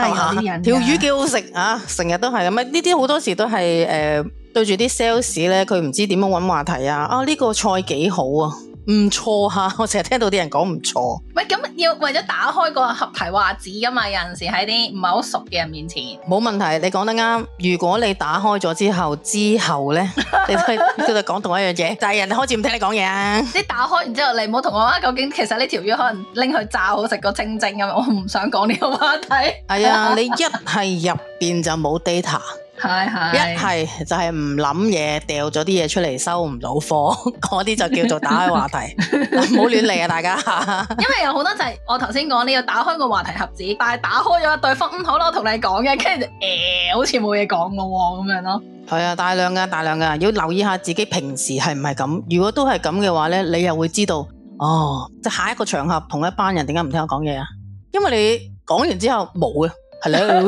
Speaker 1: 條魚
Speaker 2: 幾好食啊，成日都係，咪呢啲好多時都係誒。呃對住啲 sales 咧，佢唔知點樣揾話題啊！啊，呢個菜幾好啊，唔錯嚇！我成日聽到啲人講唔錯。
Speaker 1: 喂，咁要為咗打開個合題話子㗎嘛？有陣時喺啲唔係好熟嘅人面前，
Speaker 2: 冇問題。你講得啱。如果你打開咗之後，之後咧，你去繼續講同一樣嘢，就係
Speaker 1: 人哋開始唔聽你講嘢啊！你打開然之後，你唔好同我講究竟，其實呢條魚可能拎去炸好食過清蒸嘅。我唔想講呢個話題。係啊，你一
Speaker 2: 係入邊就冇 data。係係是一係就係唔諗嘢，掉咗啲嘢出嚟，收唔到貨，嗰 啲就叫做打開話題，
Speaker 3: 唔好亂嚟啊，大家。 因為
Speaker 1: 有好多就係我頭先講你要打開個話題盒子，但係打開咗一對分好咯，同你講嘅，跟住就誒，好似冇嘢講咯，咁、呃哦、 樣咯。
Speaker 2: 係啊， 大量噶，大量噶，要留意下自己平時係唔係咁。如果都係咁嘅話咧，你又會知道哦。即、就、係、是、下一個場合，同一班人點解唔聽我講嘢啊？因為你講完之後冇嘅。
Speaker 3: Hello！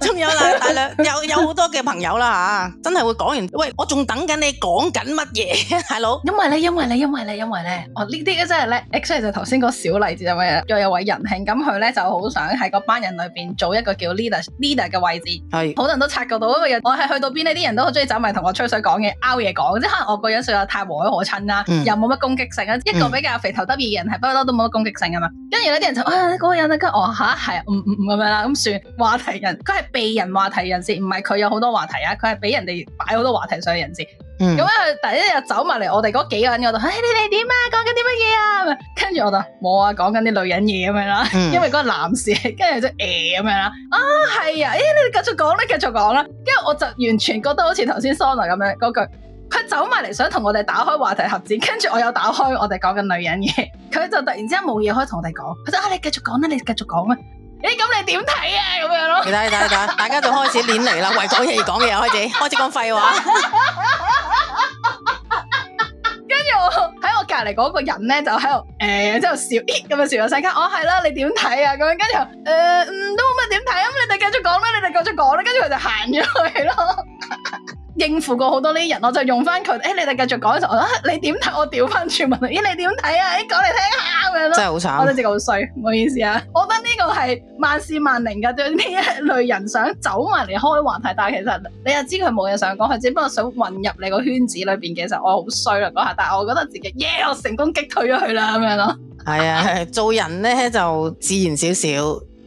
Speaker 3: 仲 有啦，大量，有有好
Speaker 2: 多嘅朋友啦吓，真係會講完，喂，我仲等緊你講緊乜嘢，大佬！因為咧，因為咧，因為咧，因為咧，哦，呢啲嘅真係咧，所以
Speaker 1: 就頭先個小例子就係，又有位仁兄，咁佢咧就好想喺個班人裏邊做一個叫 leader，leader 嘅 leader 位置是，係，好多人都察覺到，因為我係去到邊呢？啲人都好中意走埋同我吹水講嘢，拗嘢講，即係可能我個人性格太和藹可親啦，又冇乜攻擊性啦、啊，嗯、一個比較肥頭耷耳嘅人係不嬲都冇乜攻擊性噶嘛，嗯、跟住咧啲人就，啊，嗰個人咧、啊，跟住我吓，係、嗯嗯，咁樣啦，咁算話題人，佢係俾人話題人士，唔係佢有好多話題啊，佢係俾人哋擺好多話題上嘅人士。咁啊、嗯，樣第一日走埋嚟，我哋嗰幾個人、哎啊啊、我就，誒，你哋點啊？講緊啲乜嘢啊？跟住我就，冇啊，講緊啲女人嘢咁樣啦。因為嗰個男士，跟住就……係誒咁樣啦。啊，係啊，誒、欸，你哋繼續講啦，繼續講啦。跟住我就完全覺得好似頭先 Sona 咁樣嗰句，佢走埋嚟想同我哋打開話題盒子，跟住我又打開我哋講緊女人嘢，佢就突然之間冇嘢可以同我哋講，佢就啊，你繼續講啦，你繼續講啦。誒，咁你點睇啊？咁樣咯，你睇你睇你
Speaker 2: 睇，大家就開始亂嚟啦。為講嘢而講嘢，開始開始講廢話。
Speaker 1: 跟住我喺我隔籬嗰個人咧，就喺度誒，即係笑咁樣笑咗細卡。我係啦，你點睇啊？咁樣跟住誒，唔都冇乜點睇啊！咁你哋繼續講啦，你哋繼續講啦。跟住佢就行咗去咯。應付過好多呢啲人，我就用翻佢。誒、欸，你哋繼續講一陣啊！你點睇？我調翻轉問。咦，你點睇啊？誒，講嚟聽下咁樣咯。真係好慘，我覺得自己好衰。唔好意思啊！我覺得呢個係萬事萬靈嘅，對呢一類人想走埋嚟開話題。但係其實你又知佢冇嘢想講，佢只不過想混入你個圈子裏邊，其實我好衰啦嗰下。但我覺得自己耶，yeah, 我成功擊退咗佢啦咁樣咯。
Speaker 2: 係啊的， 做人咧就自然少少。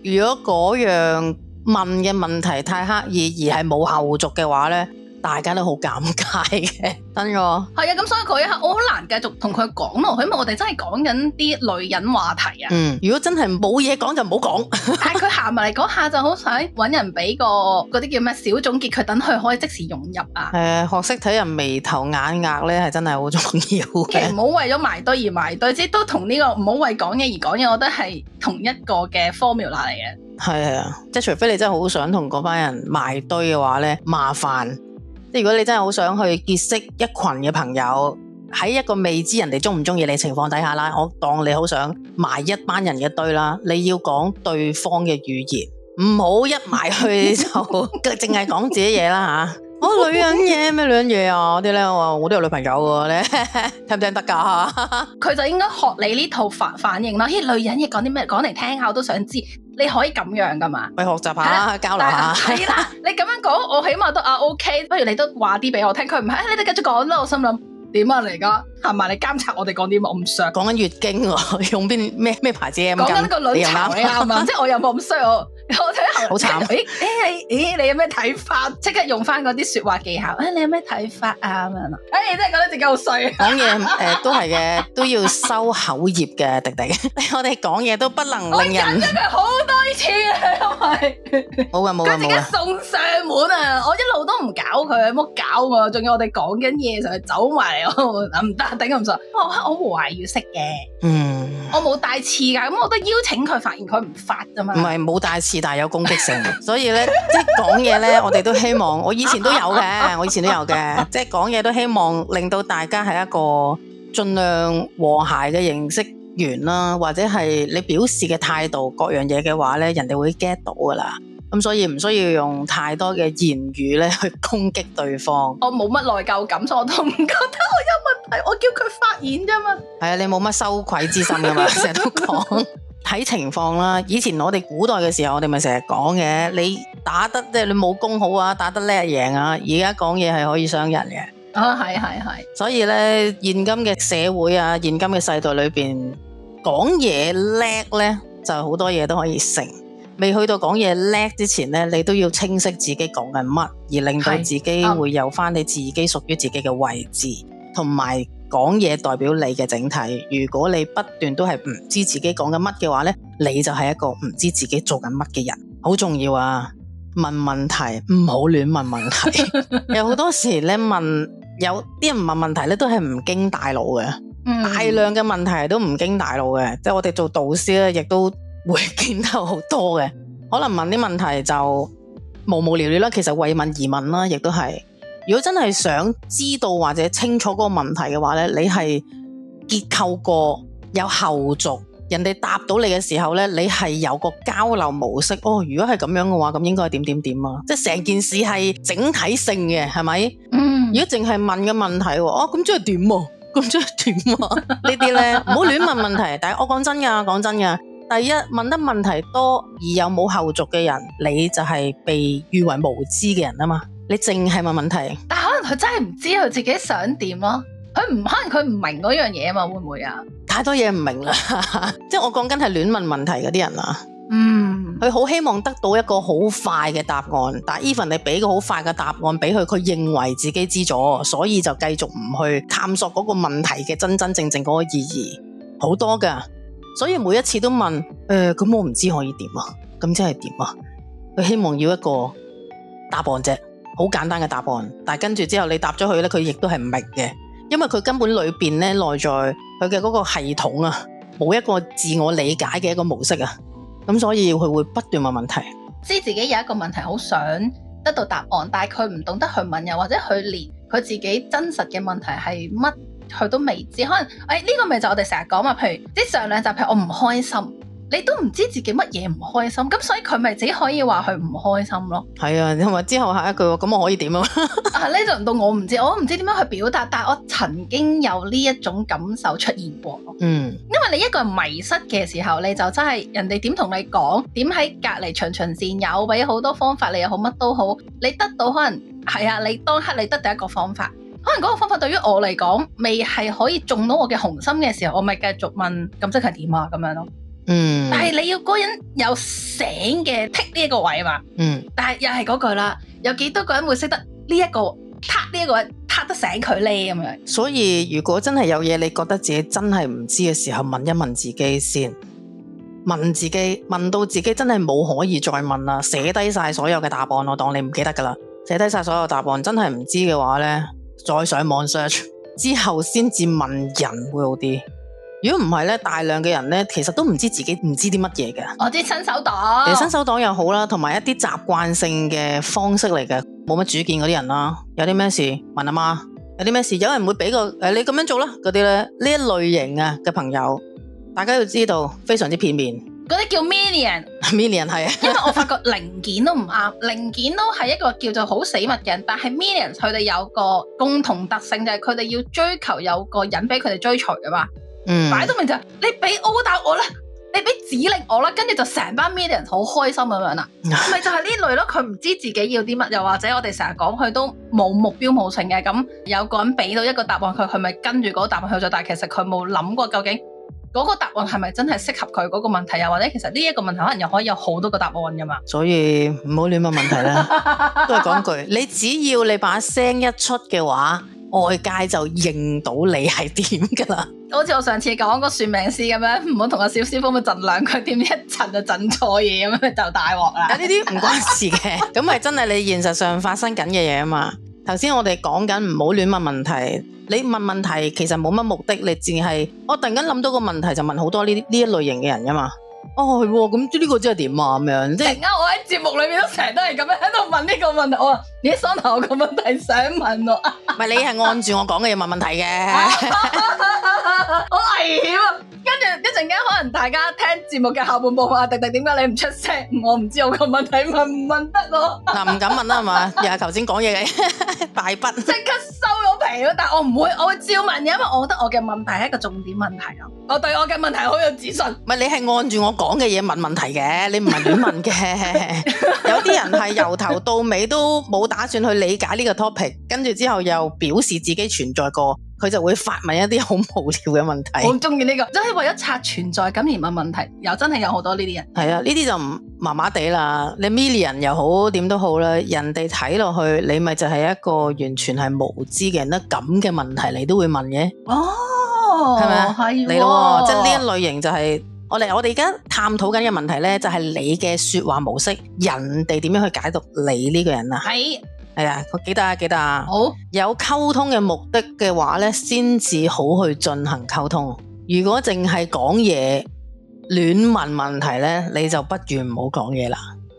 Speaker 2: 如果嗰樣問嘅問題太刻意而係冇後續嘅話咧。大家都好尷尬嘅，等我，
Speaker 1: 係啊，咁所以佢一刻我下，我好難繼續同佢講咯，因為我哋真係講緊啲女人話題啊。嗯，
Speaker 2: 如果真係冇嘢講就唔好講。
Speaker 1: 但係佢行埋嚟嗰下就好想搵人俾個嗰啲叫咩小總結，佢等佢可以即時融入啊。
Speaker 2: 誒，學識睇人眉頭眼額咧係真係好重要嘅。唔
Speaker 1: 好為咗埋堆而埋堆，即都同呢個唔好為講嘢而講嘢，我覺得係同一個嘅 formula 嚟嘅。
Speaker 2: 係啊，即係除非你真係好想同嗰班人埋堆嘅話咧，麻煩。如果你真係好想去結識一群嘅朋友，喺一個未知人哋中唔中意你情況底下啦，我當你好想埋一班人嘅堆啦，你要講對方嘅語言，唔好一埋去就淨係講自己嘢啦嚇。我、哦、女人嘢咩女人嘢啊？啲咧我我都有女朋友嘅咧， 聽唔聽得噶？
Speaker 1: 佢 就應該學你呢套反反應啦。啲、哎、女人亦講啲咩講嚟聽下，我都想知。你可以咁樣噶嘛？去學
Speaker 2: 習下， 下，交流下。係、啊、
Speaker 1: 啦， 你咁樣講，我起碼都啊 OK。不如你都話啲俾我聽。佢唔係，你哋繼續講啦。我心諗點啊？而家係咪你監察我哋講啲乜？我唔想講緊月經喎、啊，用
Speaker 2: 邊咩咩牌子啊？講緊 個卵巢啊即係
Speaker 1: 我又冇咁衰我。 我睇後，好慘！誒誒你誒你有咩睇法？即刻用翻嗰啲説話技巧。誒、哎、你有咩睇法啊？咁樣啊？誒你真係覺得自己好衰。
Speaker 2: 講嘢誒都係嘅，都要收口業嘅，廸廸。我哋講嘢都不能令人。我
Speaker 1: 搞咗佢好
Speaker 2: 多次，係咪？冇噶，冇噶，冇。佢而家
Speaker 1: 送上門啊！我一路都唔搞佢，有冇搞我？仲要我哋講緊嘢就走埋嚟，我諗唔得，頂唔順。我我懷疑識嘅，嗯，我冇帶刺㗎，咁我都邀請佢，發現佢唔發啫嘛。唔係
Speaker 2: 冇帶刺。自大有攻擊性，所以咧即係講嘢咧，我哋都希望，我以前都有嘅，我以前都有嘅，即係講嘢都希望令到大家係一個盡量和諧嘅認識完啦，或者係你表示嘅態度各樣嘢嘅話咧，人哋會 get 到噶啦。咁所以唔需要用太多嘅言語咧去攻擊對方。
Speaker 1: 我冇乜內疚感，所以我都唔覺得我有問題。我叫佢發言啫嘛。
Speaker 2: 係啊、哎，你冇乜羞愧之心噶嘛，成日 都講。 睇情況啦，以前我哋古代嘅時候，我哋咪成日講嘅，你打得即係你武功好啊，打得叻贏啊。而家講嘢係可以傷人嘅，
Speaker 3: 啊
Speaker 1: 係係係。
Speaker 2: 所以咧，現今嘅社會啊，現今嘅世代裏邊講嘢叻咧，就好多嘢都可以成。未去到講嘢叻之前咧，你都要清晰自己講緊乜，而令到自己會有翻你自己屬於自己嘅位置同埋。講嘢代表你嘅整體，如果你不斷都係唔知自己講緊乜嘅話呢，你就係一個唔知自己做緊乜嘅人，好重要啊！問問題唔好亂問問題， 有好多時咧，問有啲人問問題咧都係唔經大腦嘅，嗯、大量嘅問題都唔經大腦嘅，即係我哋做導師咧亦都會見到好多嘅，可能問啲問題就無無聊聊啦，其實為問而問啦，亦都係。如果真係想知道或者清楚嗰個問題嘅話咧，你係結構過有後續，人哋答到你嘅時候咧，你係有個交流模式。哦，如果係咁樣嘅話，咁應該點點點啊？即係成件事係整體性嘅，係咪？嗯。如果淨係問嘅問題，哦，咁即係點啊？咁即係點啊？ 呢啲咧，唔好亂問問題。 但係我講真噶，講真噶，第一問得問題多而又冇後續嘅人，你就係被譽為無知嘅人啊嘛。你淨係問問題，
Speaker 1: 但可能佢真係唔知佢自己想點咯，佢唔可能佢唔明嗰樣嘢啊嘛，會唔會啊？
Speaker 2: 太多嘢唔明啦， 即係我講緊係亂問問題嗰啲人啊。嗯，佢好希望得到一個好快嘅答案，但 even 你俾個好快嘅答案俾佢，佢認為自己知咗，所以就繼續唔去探索嗰個問題嘅真真正正嗰個意義，好多㗎。所以每一次都問，誒、呃、咁我唔知可以點啊？咁即係點啊？佢希望要一個答案啫。好簡單嘅答案，但係跟住之後你答咗佢呢，佢亦都係唔明嘅，因為佢根本裏邊呢，內在佢嘅嗰個系統啊，冇一個自我理解嘅一個模式啊，咁所以佢會不斷問問題，
Speaker 1: 知自己有一個問題好想得到答案，但係佢唔懂得去問又或者佢連，佢自己真實嘅問題係乜佢都未知，可能誒呢、哎這個咪就我哋成日講啊，譬如即上兩集譬如我唔開心。你都唔知自己乜嘢唔開心，咁所以佢咪只可以話佢唔開心咯。
Speaker 2: 係啊，同埋之後下一句話咁我可以點啊？
Speaker 1: 啊，呢輪到我唔知，我唔知點樣去表達，但係我曾經有呢一種感受出現過，
Speaker 3: 嗯，
Speaker 1: 因為你一個人迷失嘅時候，你就真係人哋點同你講，點喺隔離長長線有，畀好多方法，你又好乜都好，你得到可能係啊，你當刻你得第一個方法，可能嗰個方法對於我嚟講未係可以中到我嘅紅心嘅時候，我咪繼續問咁即係點啊？咁樣咯。嗯，但係你要嗰人有醒嘅，剔呢一個位啊嘛。嗯，但係又係嗰句啦，有幾多個人會識得呢一個撻呢一個位撻得醒佢呢？咁樣。
Speaker 2: 所以如果真係有嘢，你覺得自己真係唔知嘅時候，問一問自己先，問自己，問到自己真係冇可以再問啦，寫低晒所有嘅答案，我當你唔記得噶啦，寫低晒所有答案，真係唔知嘅話呢，再上網 search 之後，先至問人會好啲。如果唔係咧，大量嘅人咧，其實都唔知自己唔知啲乜嘢嘅。我
Speaker 1: 知新手黨，其實新手
Speaker 2: 黨又好啦，同埋一啲習慣性嘅方式嚟嘅，冇乜主見嗰啲人啦。有啲咩事問阿媽，有啲咩事有人會俾個誒、哎、你咁樣做啦嗰啲咧，呢一類型啊嘅朋友，大家要知道非常之片面。
Speaker 1: 嗰啲叫 Million
Speaker 2: Million 係的因
Speaker 1: 為我發覺零件都唔啱， 零件都係一個叫做好死物嘅人，但係 Million 佢哋有個共同特性就係佢哋要追求有個人俾佢哋追隨噶嘛。擺到、嗯、明就係你俾毆打我啦，你俾指令我啦，跟住就成班 media 人好開心咁樣啦，咪 就係呢類咯。佢唔知自己要啲乜，又或者我哋成日講佢都冇目標冇程嘅。咁有個人俾到一個答案，佢佢咪跟住嗰個答案去咗，但係其實佢冇諗過究竟嗰個答案係咪真係適合佢嗰個問題，又或者其實呢一個問題可能又可以有好多個答案噶嘛。
Speaker 2: 所以唔好亂問問題啦，
Speaker 1: 都係講句，
Speaker 2: 你只要你把聲一出嘅話，外界就認到你係點噶啦。
Speaker 1: 好似我上次講嗰算命師咁樣，唔好同阿小師傅咪窒兩句點，一窒就窒錯嘢，咁樣就大鑊啦。有呢啲唔關
Speaker 2: 事嘅，咁咪 真係你現實上發生緊嘅嘢啊嘛。頭先我哋講緊唔好亂問問題，你問問題其實冇乜目的，你淨係我突然間諗到個問題就問好多呢呢一類型嘅人啊嘛。哦，係喎、哦，咁呢個真係點啊？咁樣即係
Speaker 1: 啱，突然間我喺節目裏面都成日都
Speaker 2: 係咁樣喺度問呢個問題。我話 Sona，我嘅問題想問我，唔 係你係按住我講嘅嘢問問題嘅， 好危險啊！跟住一陣間可
Speaker 1: 能大家聽節目嘅後半部分話，迪迪點解你唔出聲？我唔知我嘅問題問唔問得咯？嗱、 啊，唔敢問
Speaker 2: 啦，係嘛、 啊？又係頭先講嘢嘅
Speaker 1: 敗筆，即 大筆 刻收咗皮咯。但係我唔會，我會照問，因為我覺得我嘅問題係一個重點問題啊。
Speaker 2: 我對我嘅問題好有自信。唔係你係按住我講嘅嘢，問問題嘅，你唔係亂問嘅。 有啲人係由頭到尾都冇打算去理解呢個 topic，跟住之後又表示自己存在過，佢就會發問一啲好無聊嘅問題。我
Speaker 1: 唔中意呢個，真係為咗刷存在感而問問題，又真係有好多呢啲人。係啊，呢啲就
Speaker 2: 麻麻地啦。你 Million 又好點都好啦，人哋睇落去你咪就係一個完全係無知嘅人，得咁嘅問題你都會問嘅。哦，
Speaker 3: 係咪啊？係，即係呢一
Speaker 2: 類型就係。我哋我哋而家探討緊嘅問題呢，就係你嘅說話模式，人哋點樣去解讀你呢個人啊？係，係啊，我記得啊，記得啊。好有溝通嘅目的嘅話呢，先至好去進行溝通。如果淨係講嘢亂問問題呢，你就不如唔好講嘢啦。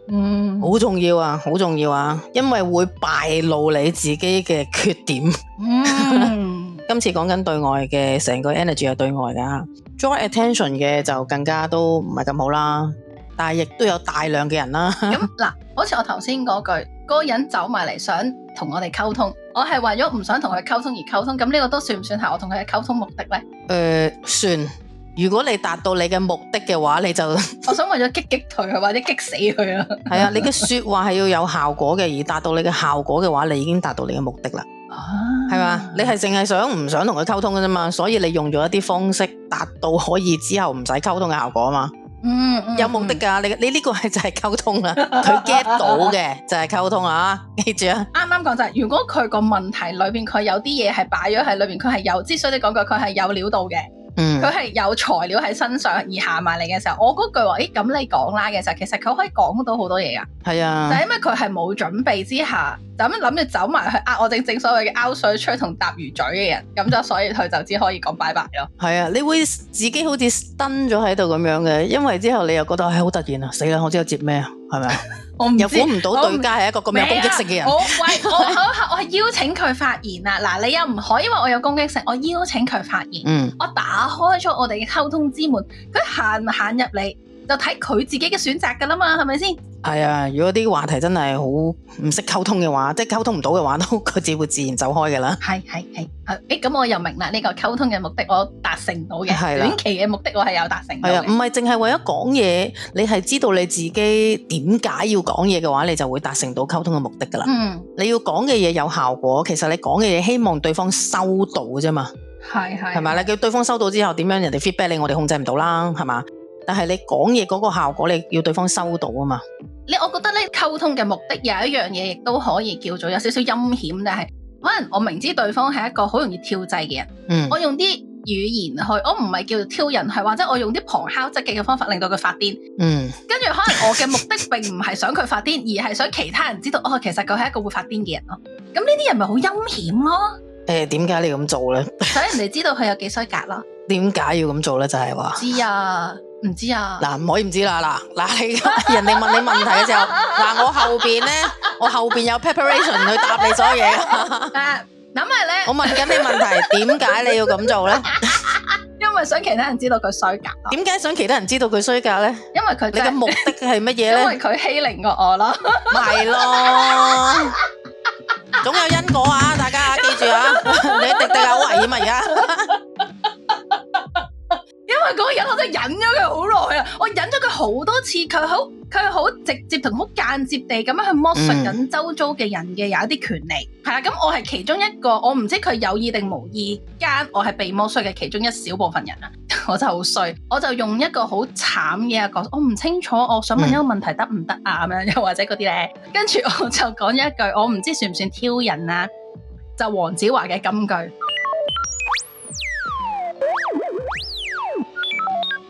Speaker 2: 嗯，
Speaker 3: 好
Speaker 2: 重要啊，好重要啊，因為會敗露你自己嘅缺點。嗯 今次講緊對外嘅成個 energy 係對外噶，draw attention 嘅就更加都唔係咁好啦。但係亦都有大量嘅人啦、嗯。咁
Speaker 1: 嗱，好似我頭先嗰句，嗰個人走埋嚟想同我哋溝通，我係為咗唔想同佢溝通而溝通，咁呢個都算唔算係我同佢嘅溝通目的咧？
Speaker 2: 誒、呃，算。如果你達到你嘅目的嘅話，你就
Speaker 1: 我想為咗激擊佢，或者激死佢啊。係啊，你嘅
Speaker 2: 説話係要有效果嘅，而達到你嘅效果嘅話，你已經達到你嘅目的啦。係嘛？你係淨係想唔想同佢溝通嘅啫嘛？所以你用咗一啲方式達到可以之後唔使溝通嘅效果嘛？嗯，嗯，有目的噶、嗯，你你呢個係就係溝通啦，佢 get 到嘅就係溝通 啊！記住，啊，
Speaker 1: 啱啱講就係，如果佢個問題裏邊佢有啲嘢係擺咗喺裏邊，佢係有之所以你講句佢係有料到嘅。佢係、嗯、有材料喺身上而行埋嚟嘅時候，我嗰句話，誒咁你講啦嘅時候，其實佢可以講到好多嘢㗎。
Speaker 2: 係啊，就因為
Speaker 1: 佢係冇準備之下，就咁諗住走埋去呃、啊、我哋正所謂嘅拗水吹同搭魚嘴嘅人，咁就所以佢就只可以講拜拜咯。
Speaker 2: 係啊，你會自己好似蹲咗喺度咁樣嘅，因為之後你又覺得誒好、哎、突然啊，死啦！我知我接咩啊？係咪？ 我唔估唔到對
Speaker 1: 家係一個咁有攻擊性嘅人我不。 我喂，我我我係邀請佢發言啊！嗱，你又唔可以話我有攻擊性，我邀請佢發言。嗯。我打開咗我哋嘅溝通之門，佢行唔行入嚟？就睇佢自己嘅選擇噶啦嘛，係咪先？
Speaker 2: 係啊，如果啲話題真係好唔識溝通嘅話，即係溝通唔到嘅話，都佢自會自然走開噶啦。係係
Speaker 1: 係誒，咁、欸、我又明啦，呢、這個溝通嘅目的我達成到嘅，係。短期嘅目的我係有達成。係啊，唔
Speaker 2: 係淨係為咗講嘢，你係知道你自己點解要講嘢嘅話，你就會達成到溝通嘅目的噶啦。嗯，你要講嘅嘢有效果，其實你講嘅嘢希望對方收到嘅啫嘛。
Speaker 1: 係係係咪？
Speaker 2: 你叫對方收到之後點樣人哋 feedback 你，我哋控制唔到啦，係嘛？但係你講嘢嗰個效果，你要對方收到啊嘛？
Speaker 1: 你我覺得咧，溝通嘅目的有一樣嘢，亦都可以叫做有少少陰險。就係可能我明知對方係一個好容易跳掣嘅人，嗯，我用啲語言去，我唔係叫做挑人去，或者我用啲旁敲側擊嘅方法令到佢發癲，嗯，跟住可能我嘅目的並唔係想佢發癲，而係想其他人知道，哦，其實佢係一個會發癲嘅人咯。咁呢啲人咪好陰險咯？
Speaker 2: 誒，點解你咁做咧？
Speaker 1: 想人哋知道佢有幾衰格咯？
Speaker 2: 點解要咁做咧？就係話知啊。唔知啊，嗱唔可以唔知啦，嗱嗱你人哋問你問題嘅時候，嗱我後邊咧，我後邊有 preparation 去答你所有嘢。誒，係咧，我問緊你問題，點解你要咁做咧？
Speaker 1: 因為想其他人知道佢衰格。點解想其
Speaker 2: 他人知道佢衰格咧？因為佢。你嘅目的係乜嘢咧？因為佢欺凌過我咯。係咯，總有因果啊！大家記住啊，你迪迪有危險啊，而家！
Speaker 1: 因為嗰個人我嗰日我都忍咗佢好耐啊，我忍咗佢好多次，佢好佢好直接同好間接地咁樣去剝削緊周遭嘅人嘅有一啲權利。係啦、嗯，咁我係其中一個，我唔知佢有意定無意間，是我係被剝削嘅其中一小部分人啊。 我真就好衰，我就用一個好慘嘅一個，我唔清楚，我想問一個問題得唔得啊？咁樣又或者嗰啲咧， 跟住我就講一句，我唔知算唔算挑釁？啊？就黃、是、子華嘅金句。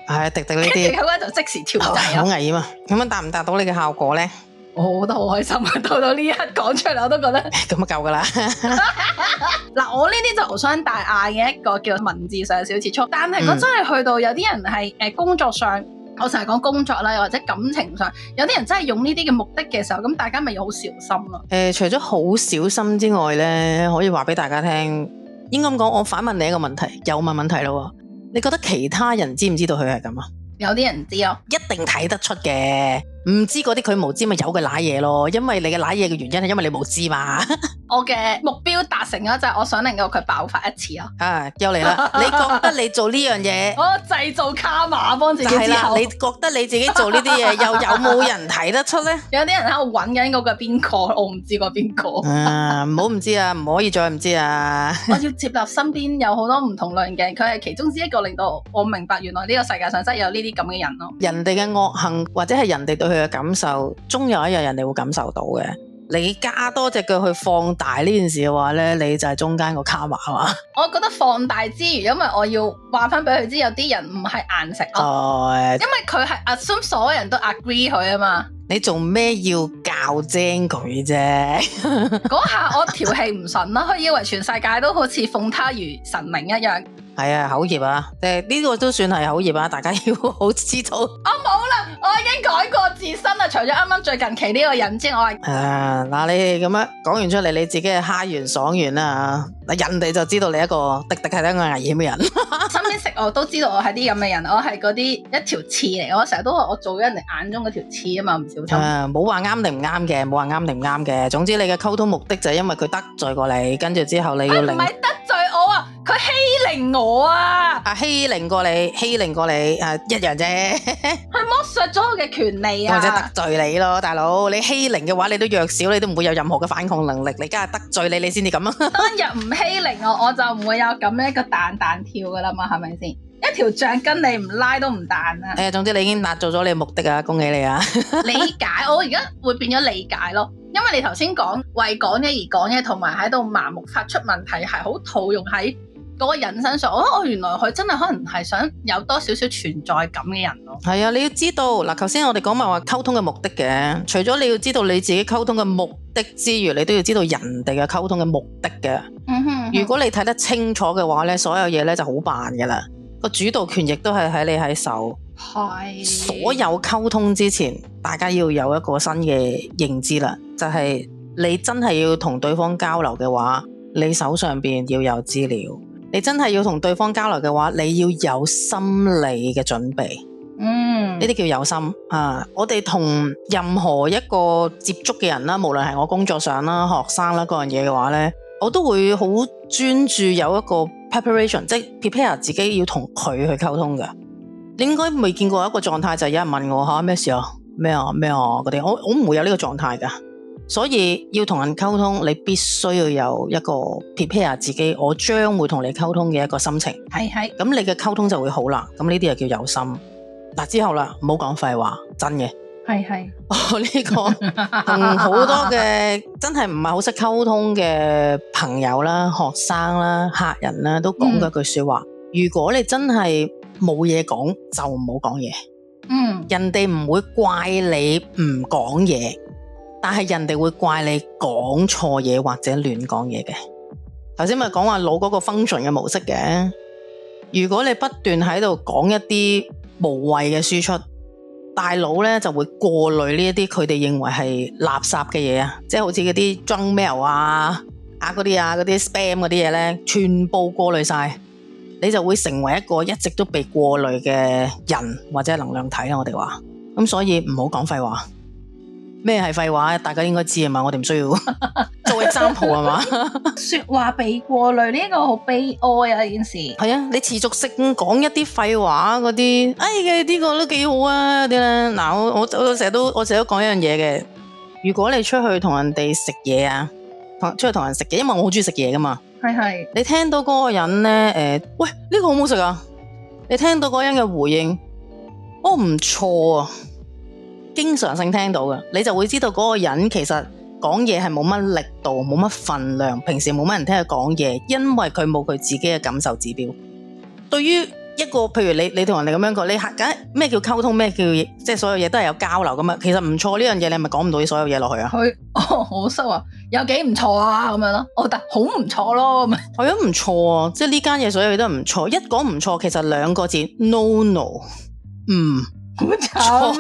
Speaker 2: 係啊，迪迪呢啲，咁
Speaker 1: 樣 就即時調劑好
Speaker 2: 危險啊嘛！咁樣達唔達到你嘅效果咧？我覺得好開心啊，到到呢一刻講出嚟， 我都覺得咁就夠噶啦！
Speaker 1: 嗱，我呢啲就無傷大雅嘅一個叫文字上小接觸，但係我真係去到有啲人係誒工、嗯、工作上，我成日講工作啦，又或者感情上，有啲人真係用呢啲嘅目的嘅時候，咁大家咪要好小心咯，
Speaker 2: 啊。誒、呃，除咗好小心之外咧，可以話俾大家聽，應該咁講，我反問你一個問題，又問問題啦。你覺得其他人知唔知道佢係咁啊？
Speaker 1: 有啲人知咯，一定
Speaker 2: 睇得出嘅。唔知嗰啲佢無知咪有嘅瀨嘢咯，因為你嘅瀨嘢嘅原因係因為你無知嘛。
Speaker 1: 我嘅目標達成咗就係我想令到佢爆發一次咯。
Speaker 2: 啊，又嚟啦！ 你覺得你做呢樣嘢，
Speaker 1: 我製造卡瑪幫自己。係啦，你覺得你自己做呢啲嘢又有冇人睇得出咧？ 有啲人喺度搵緊我個邊個，我唔知個邊個。
Speaker 2: 唔好唔知啊，唔可以再唔知啊。 我要
Speaker 1: 接納身邊有好多唔同類型嘅，佢係其中之一個令到我，我明白原來呢個世界上真係有呢啲咁嘅人
Speaker 2: 咯。人哋嘅惡行或者係人哋對佢嘅感受，終有一日人哋會感受到嘅。你加多隻腳去放大呢件事嘅話呢，你就係中間個卡瑪啊嘛。
Speaker 1: 我覺得放大之餘，因為我要話翻俾佢知，有啲人唔係硬食。哦，因為佢係 assume 所有人都 agree 佢啊嘛。
Speaker 2: 你做咩要教精佢啫？
Speaker 1: 嗰 下我條氣唔順啦，佢 以為全世界都好似奉他如神明一樣。
Speaker 2: 係啊，口業啊，呢、這個都算係口業啊，大家要好知道。
Speaker 1: 我冇啦。我已經改過自身啦，除咗啱啱最近期呢個人之外，
Speaker 2: 誒、啊，嗱，你咁樣講完出嚟，你自己係哈完爽完啦、啊。人哋就知道你一個滴滴係一個危險嘅人
Speaker 1: 身。身邊食我都知道我係啲咁嘅人，我係嗰啲一條刺嚟，我成日都話我做咗人哋眼中嗰條刺啊嘛，唔小心。
Speaker 2: 冇話啱定唔啱嘅，冇話啱定唔啱嘅，總之你嘅溝通目的就係因為佢得罪過你，跟住之後你要唔係得罪我啊，佢欺凌我啊。啊，欺凌過你，欺凌過你，啊，一樣啫。
Speaker 1: 佢 剝削咗我嘅權利啊。或者得
Speaker 2: 罪你咯，大佬，你欺凌嘅話，你都弱小，你都唔會有任何嘅反抗能力，你梗係得罪你，你先至咁啊。
Speaker 1: 欺凌我，我就唔會有咁樣一個彈彈跳噶啦嘛，係咪先？一條橡筋你唔拉都唔彈啦。誒、哎，
Speaker 2: 總之你已經達到咗你嘅目的啊，恭喜你啊！
Speaker 1: 理解，我而家會變咗理解咯，因為你頭先講為講嘢而講嘢，同埋喺度盲目發出問題，係好套用喺。嗰個人身上，哦，我原來佢真係可能係想有多少少存在感嘅人
Speaker 2: 咯。係啊，你要知道嗱，頭先我哋講埋話溝通嘅目的嘅，除咗你要知道你自己溝通嘅目的之餘，你都要知道人哋嘅溝通嘅目的嘅。嗯哼嗯
Speaker 3: 哼。如果
Speaker 2: 你睇得清楚嘅話呢，所有嘢呢就好辦噶啦。個主導權亦都係喺你喺手。
Speaker 3: 係。所有
Speaker 2: 溝通之前，大家要有一個新嘅認知啦，就係你真係要同對方交流嘅話，你手上邊要有資料。你真係要同對方交流嘅話，你要有心理嘅準備。
Speaker 3: 嗯，呢啲
Speaker 2: 叫有心啊！我哋同任何一個接觸嘅人啦，無論係我工作上啦、學生啦嗰樣嘢嘅話呢，我都會好專注有一個 preparation，即 prepare 自己要同佢去溝通嘅。你應該未見過一個狀態，就有人問我嚇咩事啊？咩啊咩啊嗰啲，我我唔會有呢個狀態嘅。所以要同人溝通，你必須要有一個 prepare 自己，我將會同你溝通嘅一個心情。係係是，咁你嘅溝通就會好啦。咁呢啲就叫有心。嗱，之後啦，唔好講廢話，真嘅。
Speaker 3: 係係是，呢、 這個好多嘅
Speaker 2: 真係唔係好識溝通嘅朋友啦、學生啦、客人啦，都講過一句說話：嗯、如果你真係冇嘢講，就唔好講嘢。嗯，人哋唔會怪你唔講嘢。但係人哋會怪你講錯嘢或者亂講嘢嘅。頭先咪講話腦嗰個 function 嘅模式嘅。如果你不斷喺度講一啲無謂嘅輸出，大腦咧就會過濾呢一啲佢哋認為係垃圾嘅嘢啊，即係好似嗰啲 junk mail 啊啊嗰啲啊嗰啲 spam 嗰啲嘢咧，全部過濾晒，你就會成為一個一直都被過濾嘅人或者能量體啊。我哋話，咁所以唔好講廢話。咩係廢話，大家應該知啊嘛，我哋唔需要做 example 係嘛？ 說話被過濾呢、這個好悲哀啊件事。係啊，你持續性講一啲廢話嗰啲，哎嘅呢、這個都幾好啊啲啦。嗱、啊，我我我成日都我成日都講一樣嘢嘅，如果你出去同人哋食嘢啊，同出去同人食嘢，因為我好中意食嘢噶嘛。
Speaker 3: 係係是，
Speaker 2: 你聽到嗰個人咧，誒、呃，喂，呢、這個好唔好食啊？你聽到嗰個人嘅回應，我唔錯啊。經常性聽到嘅，你就會知道嗰個人其實講嘢係冇乜力度，冇乜分量。平時冇乜人聽佢講嘢，因為佢冇佢自己嘅感受指標。對於一個譬如你，你同人哋咁樣講，你嚇緊咩叫溝通？咩叫即係、就是、所有嘢都係有交流咁啊？其實唔錯呢樣嘢，你係咪講唔到啲所有嘢落去啊？佢
Speaker 1: 哦，好收啊，有幾唔錯啊？咁、哦、樣咯，我覺得好唔錯咯，咁啊
Speaker 2: 係啊，唔錯啊，即係呢間嘢所有嘢都唔錯。一講唔錯，其實兩個字 no no，唔、no, 嗯。唔錯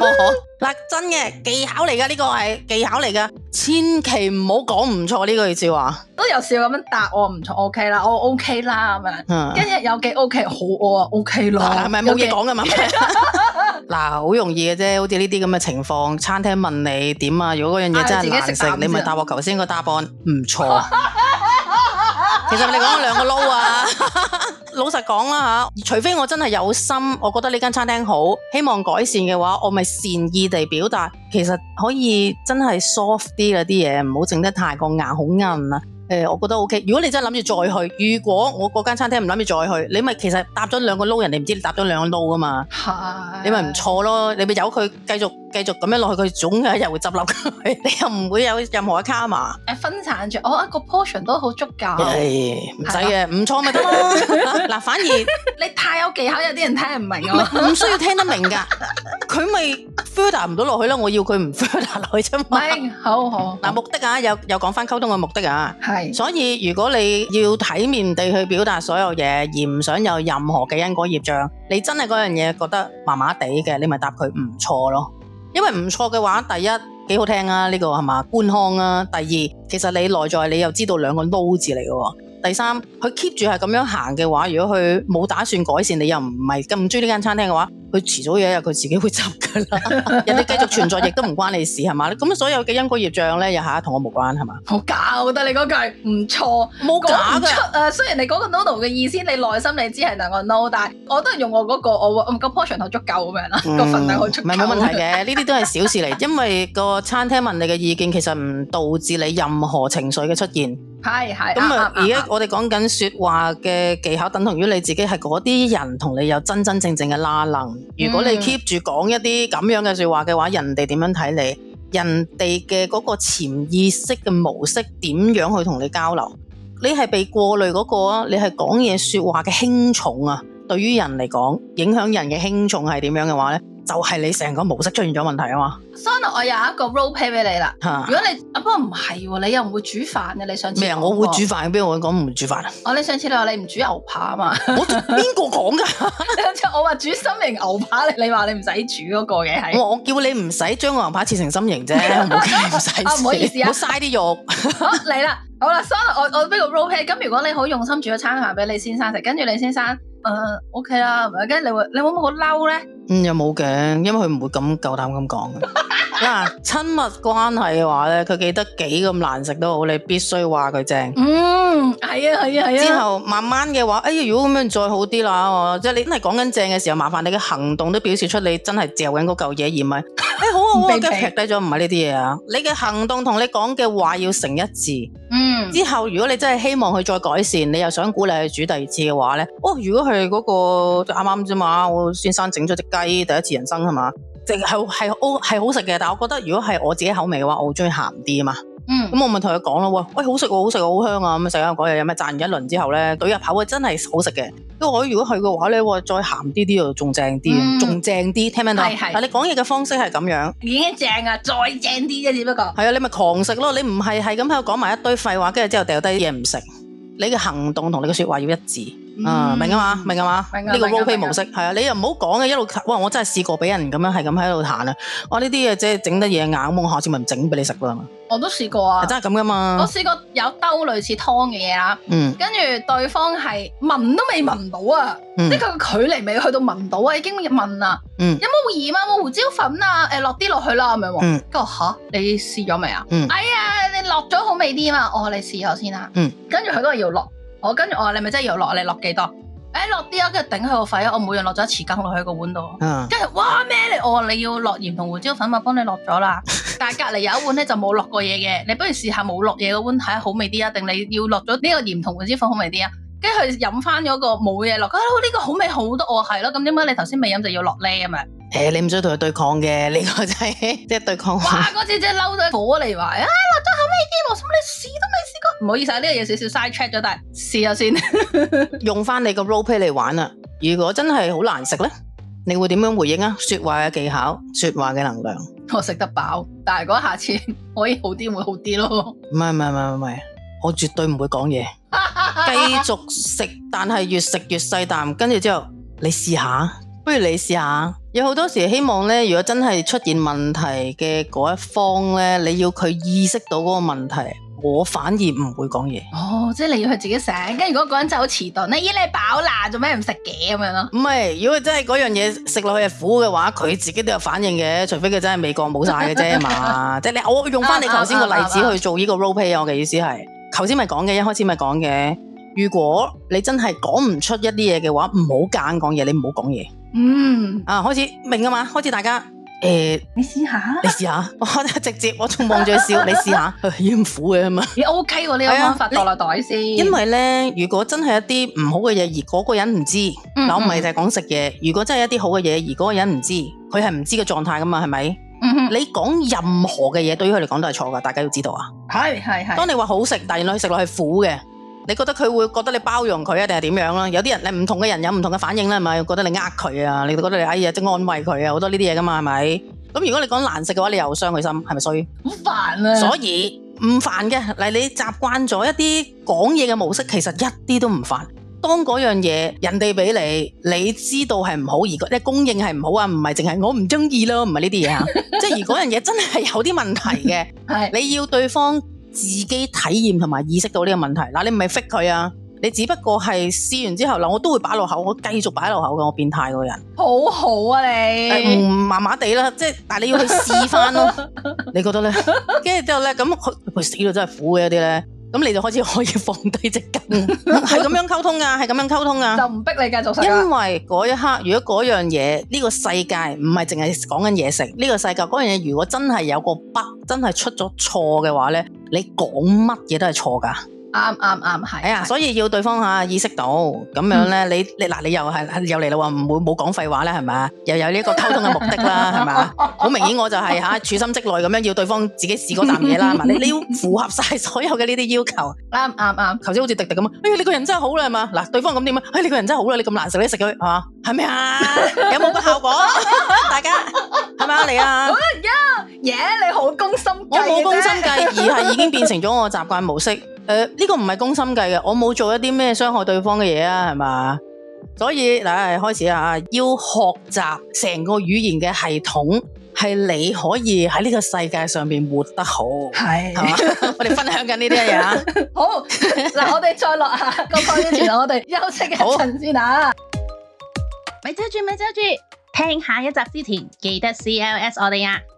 Speaker 2: 嗱、啊，真嘅技巧嚟噶，呢個係技巧嚟噶，千祈唔好講唔錯呢句說話。這
Speaker 1: 個、說都有時候咁樣答我唔錯，OK 啦，我 OK 啦咁樣，今日、嗯、有幾 OK 好，我 OK 咯，係咪冇嘢講嘅問
Speaker 2: 題？嗱，好容易嘅啫，好似呢啲咁嘅情況，餐廳問你點啊？如果嗰樣嘢真係難食，啊、你咪答我頭先個答案唔錯。嗯
Speaker 3: 錯 其實你講咗兩個撈啊！
Speaker 2: 老實講啦，除非我真係有心，我覺得呢間餐廳好，希望改善嘅話，我咪善意地表達，其實可以真係 soft 啲嗰啲嘢，唔好整得太過硬，好硬啦。誒、欸，我覺得 OK。如果你真係諗住再去，如果我嗰間餐廳唔諗住再去，你咪其實搭咗兩個撈，人哋唔知你搭咗兩個撈啊嘛。
Speaker 3: 係。
Speaker 2: 你咪唔錯咯，你咪由佢，繼續繼續咁樣落去，佢總有一日會執笠。你又唔會有任何一卡嘛？
Speaker 1: 誒，分散住，我一個 portion 都好足夠。係
Speaker 2: 唔使嘅，唔、欸、唔錯咪得咯。
Speaker 1: 嗱， 反而 你太有技巧，有啲人聽唔明咯。唔
Speaker 2: 需要聽得明㗎，佢咪 further 唔到落去咯。我要佢唔 further 落去啫嘛。係，好好。嗱， 目的啊，有有講返溝通嘅目的啊。所以如果你要體面地去表達所有嘢，而唔想有任何嘅因果業障，你真係嗰樣嘢覺得麻麻地嘅，你咪答佢唔錯咯。因為唔錯嘅話，第一，幾好聽啊，呢、呢個係嘛官腔啊。第二，其實你內在你又知道兩個 no 字嚟喎。第三，佢 keep 住係咁樣行嘅話，如果佢冇打算改善，你又唔係咁中意呢間餐廳嘅話，佢遲早有一日佢自己會執㗎喇。 人哋繼續存在亦都唔關你事係嘛？咁所有嘅因果業障咧，又下下同我冇關係嘛？好假，我覺得你嗰句唔錯，冇講出
Speaker 1: 誒。雖然你講個 no 嘅、no、意思，你內心你知係兩個 no，但係我都係用我嗰、那個，我我個 portion 夠足夠咁樣啦，個、嗯、份量好足夠。唔
Speaker 2: 係冇問題嘅，呢啲 都係小事嚟，因為個餐廳問你嘅意見，其實唔導致你任何情緒嘅出現。係係咁啊！而家我哋講緊說話嘅技巧，等同於你自己係嗰啲人同你有真真正正嘅拉能。如果你 keep 住講一啲咁樣嘅說話嘅話，嗯、人哋點樣睇你？人哋嘅嗰個潛意識嘅模式點樣去同你交流？你係被過濾嗰、個啊？你係講嘢說話嘅輕重啊？對於人嚟講，影響人嘅輕重係點樣嘅話咧？就係你成個模式出現咗問題啊嘛
Speaker 1: ！Sona，我有一個 role play 俾你啦。啊、如果你啊，不過唔係喎，你又唔會煮飯嘅、啊，你上次咩啊？我會煮
Speaker 2: 飯，邊個講唔會煮飯啊？
Speaker 1: 我、哦、你上次你話你唔煮牛
Speaker 2: 扒啊嘛？ 我邊個
Speaker 1: 講㗎？ 我話煮心形牛扒，你你話你唔使煮嗰個嘅係。 我
Speaker 2: 叫你唔使將個牛扒切成心形啫，唔使。 唔、 啊、好意思啊，唔好嘥啲肉。
Speaker 1: 好嚟啦，好啦，Sona，我我俾個 role play 你。咁如果你好用心煮咗餐飯俾你先生食，跟住你先生。誒，O K 啦，唔係驚你會你會唔會好嬲
Speaker 2: 咧？嗯，又冇嘅，因為佢唔會咁夠膽咁講嘅。嗱，親密關係嘅話咧，佢記得幾咁難食都好咧，你必須話佢正。嗯，係啊，係啊，係啊。之後慢慢嘅話，哎呀，如果咁樣再好啲啦，即係你真係講緊正嘅時候，麻煩你嘅行動都表示出你真係嚼緊嗰嚿嘢，而唔係。我而家撇低咗唔係呢啲嘢啊！你嘅行動同你講嘅話要成一致。嗯，之後如果你真係希望佢再改善，你又想鼓勵佢去煮第二次嘅話咧，哦，如果係嗰、嗰個啱啱啫嘛，我先生整咗隻雞第一次人生係嘛，淨係係我係好食嘅，但係我覺得如果係我自己口味嘅話，我中意鹹啲啊嘛。嗯，咁我咪同佢講咯，喂，好食，好食，好香啊！咁啊，成日講嘢，有咩賺完一輪之後咧，懟入口啊，真係好食嘅。不過我如果去嘅話咧，再鹹啲啲就仲正啲，仲、嗯、正啲，聽唔聽到？係係，但你講嘢嘅方式係咁樣，已經正啊，再正啲啫、啊，只不過係啊，你咪狂食咯，你唔係係咁喺度講埋一堆廢話，跟住之後掉低啲嘢唔食，你嘅行動同你嘅說話要一致。啊，嗯、明啊嘛，明啊嘛，呢個 role play 模式，係啊，你又唔好講嘅，一路哇，我真係試過俾人咁樣係咁喺度彈啊，不不我呢啲啊，即係整得嘢硬，我下次咪唔整俾你食咯，係嘛？
Speaker 1: 我都試過啊，真係
Speaker 2: 咁噶嘛，我試過
Speaker 1: 有兜類似湯嘅嘢啦，跟住、嗯、對方係聞都未聞到啊，嗯、即係佢距離未去到聞到啊，已經問、嗯、啊，有冇鹽啊，冇胡椒粉啊，誒、欸、落啲落去啦，咁樣，嗯，跟住嚇你試咗未啊？哎呀，你落咗、嗯哎、好味啲嘛，我、哦、你試下先啦，跟住佢嗰個要落。跟我跟住我話你咪真係又落你落幾多？誒落啲啊！跟住頂喺個肺啊！我每樣落咗一匙羹落去個碗度。跟住、嗯、哇咩你我話你要落鹽同胡椒粉，我幫你落咗啦。但係隔離有一碗咧就冇落過嘢嘅，你不如試下冇落嘢個碗睇下好味啲啊！定你要落咗呢個鹽同胡椒粉好味啲啊？跟住佢飲翻咗個冇嘢落，呢、哎這個好味好多，我係咯。咁點解你頭先未飲就要落咧咁樣？
Speaker 2: 誒、欸、你唔需要同佢對抗嘅，呢個真係即係對抗。哇！
Speaker 1: 嗰次真嬲到火嚟埋、哎、啊！落咗口味，啲，我心諗你死都～唔好意思啊，呢、這個嘢少少 side track 咗，但係試下先。
Speaker 2: 用翻你個 role play 嚟玩啦。如果真係好難食呢，你會點樣回應啊？說話嘅技巧，說話嘅能量。
Speaker 1: 我食得飽，但係嗰下次可以好啲，會好啲
Speaker 2: 咯。唔係唔係唔係，我絕對唔會講嘢。 繼續食，但係越食越細啖。跟住之後，你試下，不如你試下。有好多時希望呢，如果真係出現問題嘅嗰一方呢，你要佢意識到嗰個問題。我反而唔會講嘢，
Speaker 1: 哦，即係你要佢自己醒，跟住如果嗰人就遲鈍，你
Speaker 2: 依你飽啦，做咩唔食嘢咁樣咯。唔係，如果真係嗰樣嘢食落去係苦嘅話，佢自己都有反應嘅，除非佢真係味覺冇晒嘅啫嘛。 即係你，我用翻你頭先個例子去做呢個 role play 啊，我嘅意思係，頭先咪講嘅，一開始咪講嘅，如果你真係講唔出一啲嘢嘅話，唔好揀講嘢，你唔好講嘢。嗯，啊，開始明啊嘛，開始大家。誒，欸、你試下，你試下，我直接我仲望住佢笑， 你試下，厭苦嘅嘛，你 OK 喎，你今法。放落袋先。因為咧， 如果真係一啲唔好嘅嘢，而嗰個人唔知，嗱、嗯嗯、我唔係淨係講食嘢。如果真係一啲好嘅嘢，而嗰個人唔知，佢係唔知嘅狀態噶嘛，係咪？嗯嗯，你講任何嘅嘢，對於佢嚟講都係錯噶，大家要知道是啊。係係係。當你話好食，但原來佢食落係苦嘅。你覺得佢會覺得你包容佢啊，定係點樣啦？有啲人，你唔同嘅人有唔同嘅反應啦，係咪？覺得你呃佢啊？你覺得你哎呀，即係安慰佢啊？好多呢啲嘢噶嘛，係咪？咁如果你講難食嘅話，你又傷佢心，係咪所以？好
Speaker 1: 煩啊！所以
Speaker 2: 唔煩嘅，嗱，你習慣咗一啲講嘢嘅模式，其實一啲都唔煩。當嗰樣嘢人哋俾你，你知道係唔好，而即係供應係唔好啊，唔係淨係我唔中意咯，唔係呢啲嘢啊。即係而嗰樣嘢真係有啲問題嘅，係你要對方。自己體驗同埋意識到呢個問題，嗱你唔係逼佢啊，你只不過係試完之後，嗱我都會擺落口，我繼續擺落口嘅，我變態嗰人，好好啊你、欸，麻麻地啦，即係但係你要去試翻咯， 你覺得咧？跟住之後咧，咁佢死咗真係苦嘅一啲咧。咁你就開始可以放低隻根，係咁樣溝通噶，係咁樣溝通噶，就唔逼你繼續噶，就因為嗰一刻，如果嗰樣嘢呢、這個世界唔係淨係講緊嘢食，呢、這個世界嗰樣嘢如果真係有個 bug 真係出咗錯嘅話咧，你講乜嘢都係錯噶
Speaker 1: 啱啱啱係，啊，所
Speaker 2: 以要對方吓意識到咁樣咧，你你嗱，你又係又嚟啦喎，唔冇冇講廢話啦，係咪啊？又有呢個溝通嘅目的啦，係嘛？好明顯，我就係吓處心積慮咁樣要對方自己試嗰啖嘢啦，嘛，你你要符合晒所有嘅呢啲要求，啱啱啱，頭先好似廸廸咁啊！哎你個人真係好啦，係嘛？嗱，對方咁點樣？哎，你個人真係好啦，你咁難食你食佢係嘛？係咪啊？有冇個效果？大家係咪啊？你啊！呀，
Speaker 1: 耶，你好攻心計嘅，我冇攻心計，而係已經變成
Speaker 2: 咗我習慣模式。誒，呢、呃這個唔係公心計嘅，我冇做一啲咩傷害對方嘅嘢啊，係嘛？所以嗱，開始啊，要學習成個語言嘅系統，係你可以喺呢個世界上面活得好，
Speaker 3: 係。
Speaker 1: 我哋分享緊呢啲嘢啊， 好。我哋再落下個快啲住，我哋 休息一陣先啊。咪遮住，咪遮住。聽下一集之前，記得 C L S 我哋呀、啊。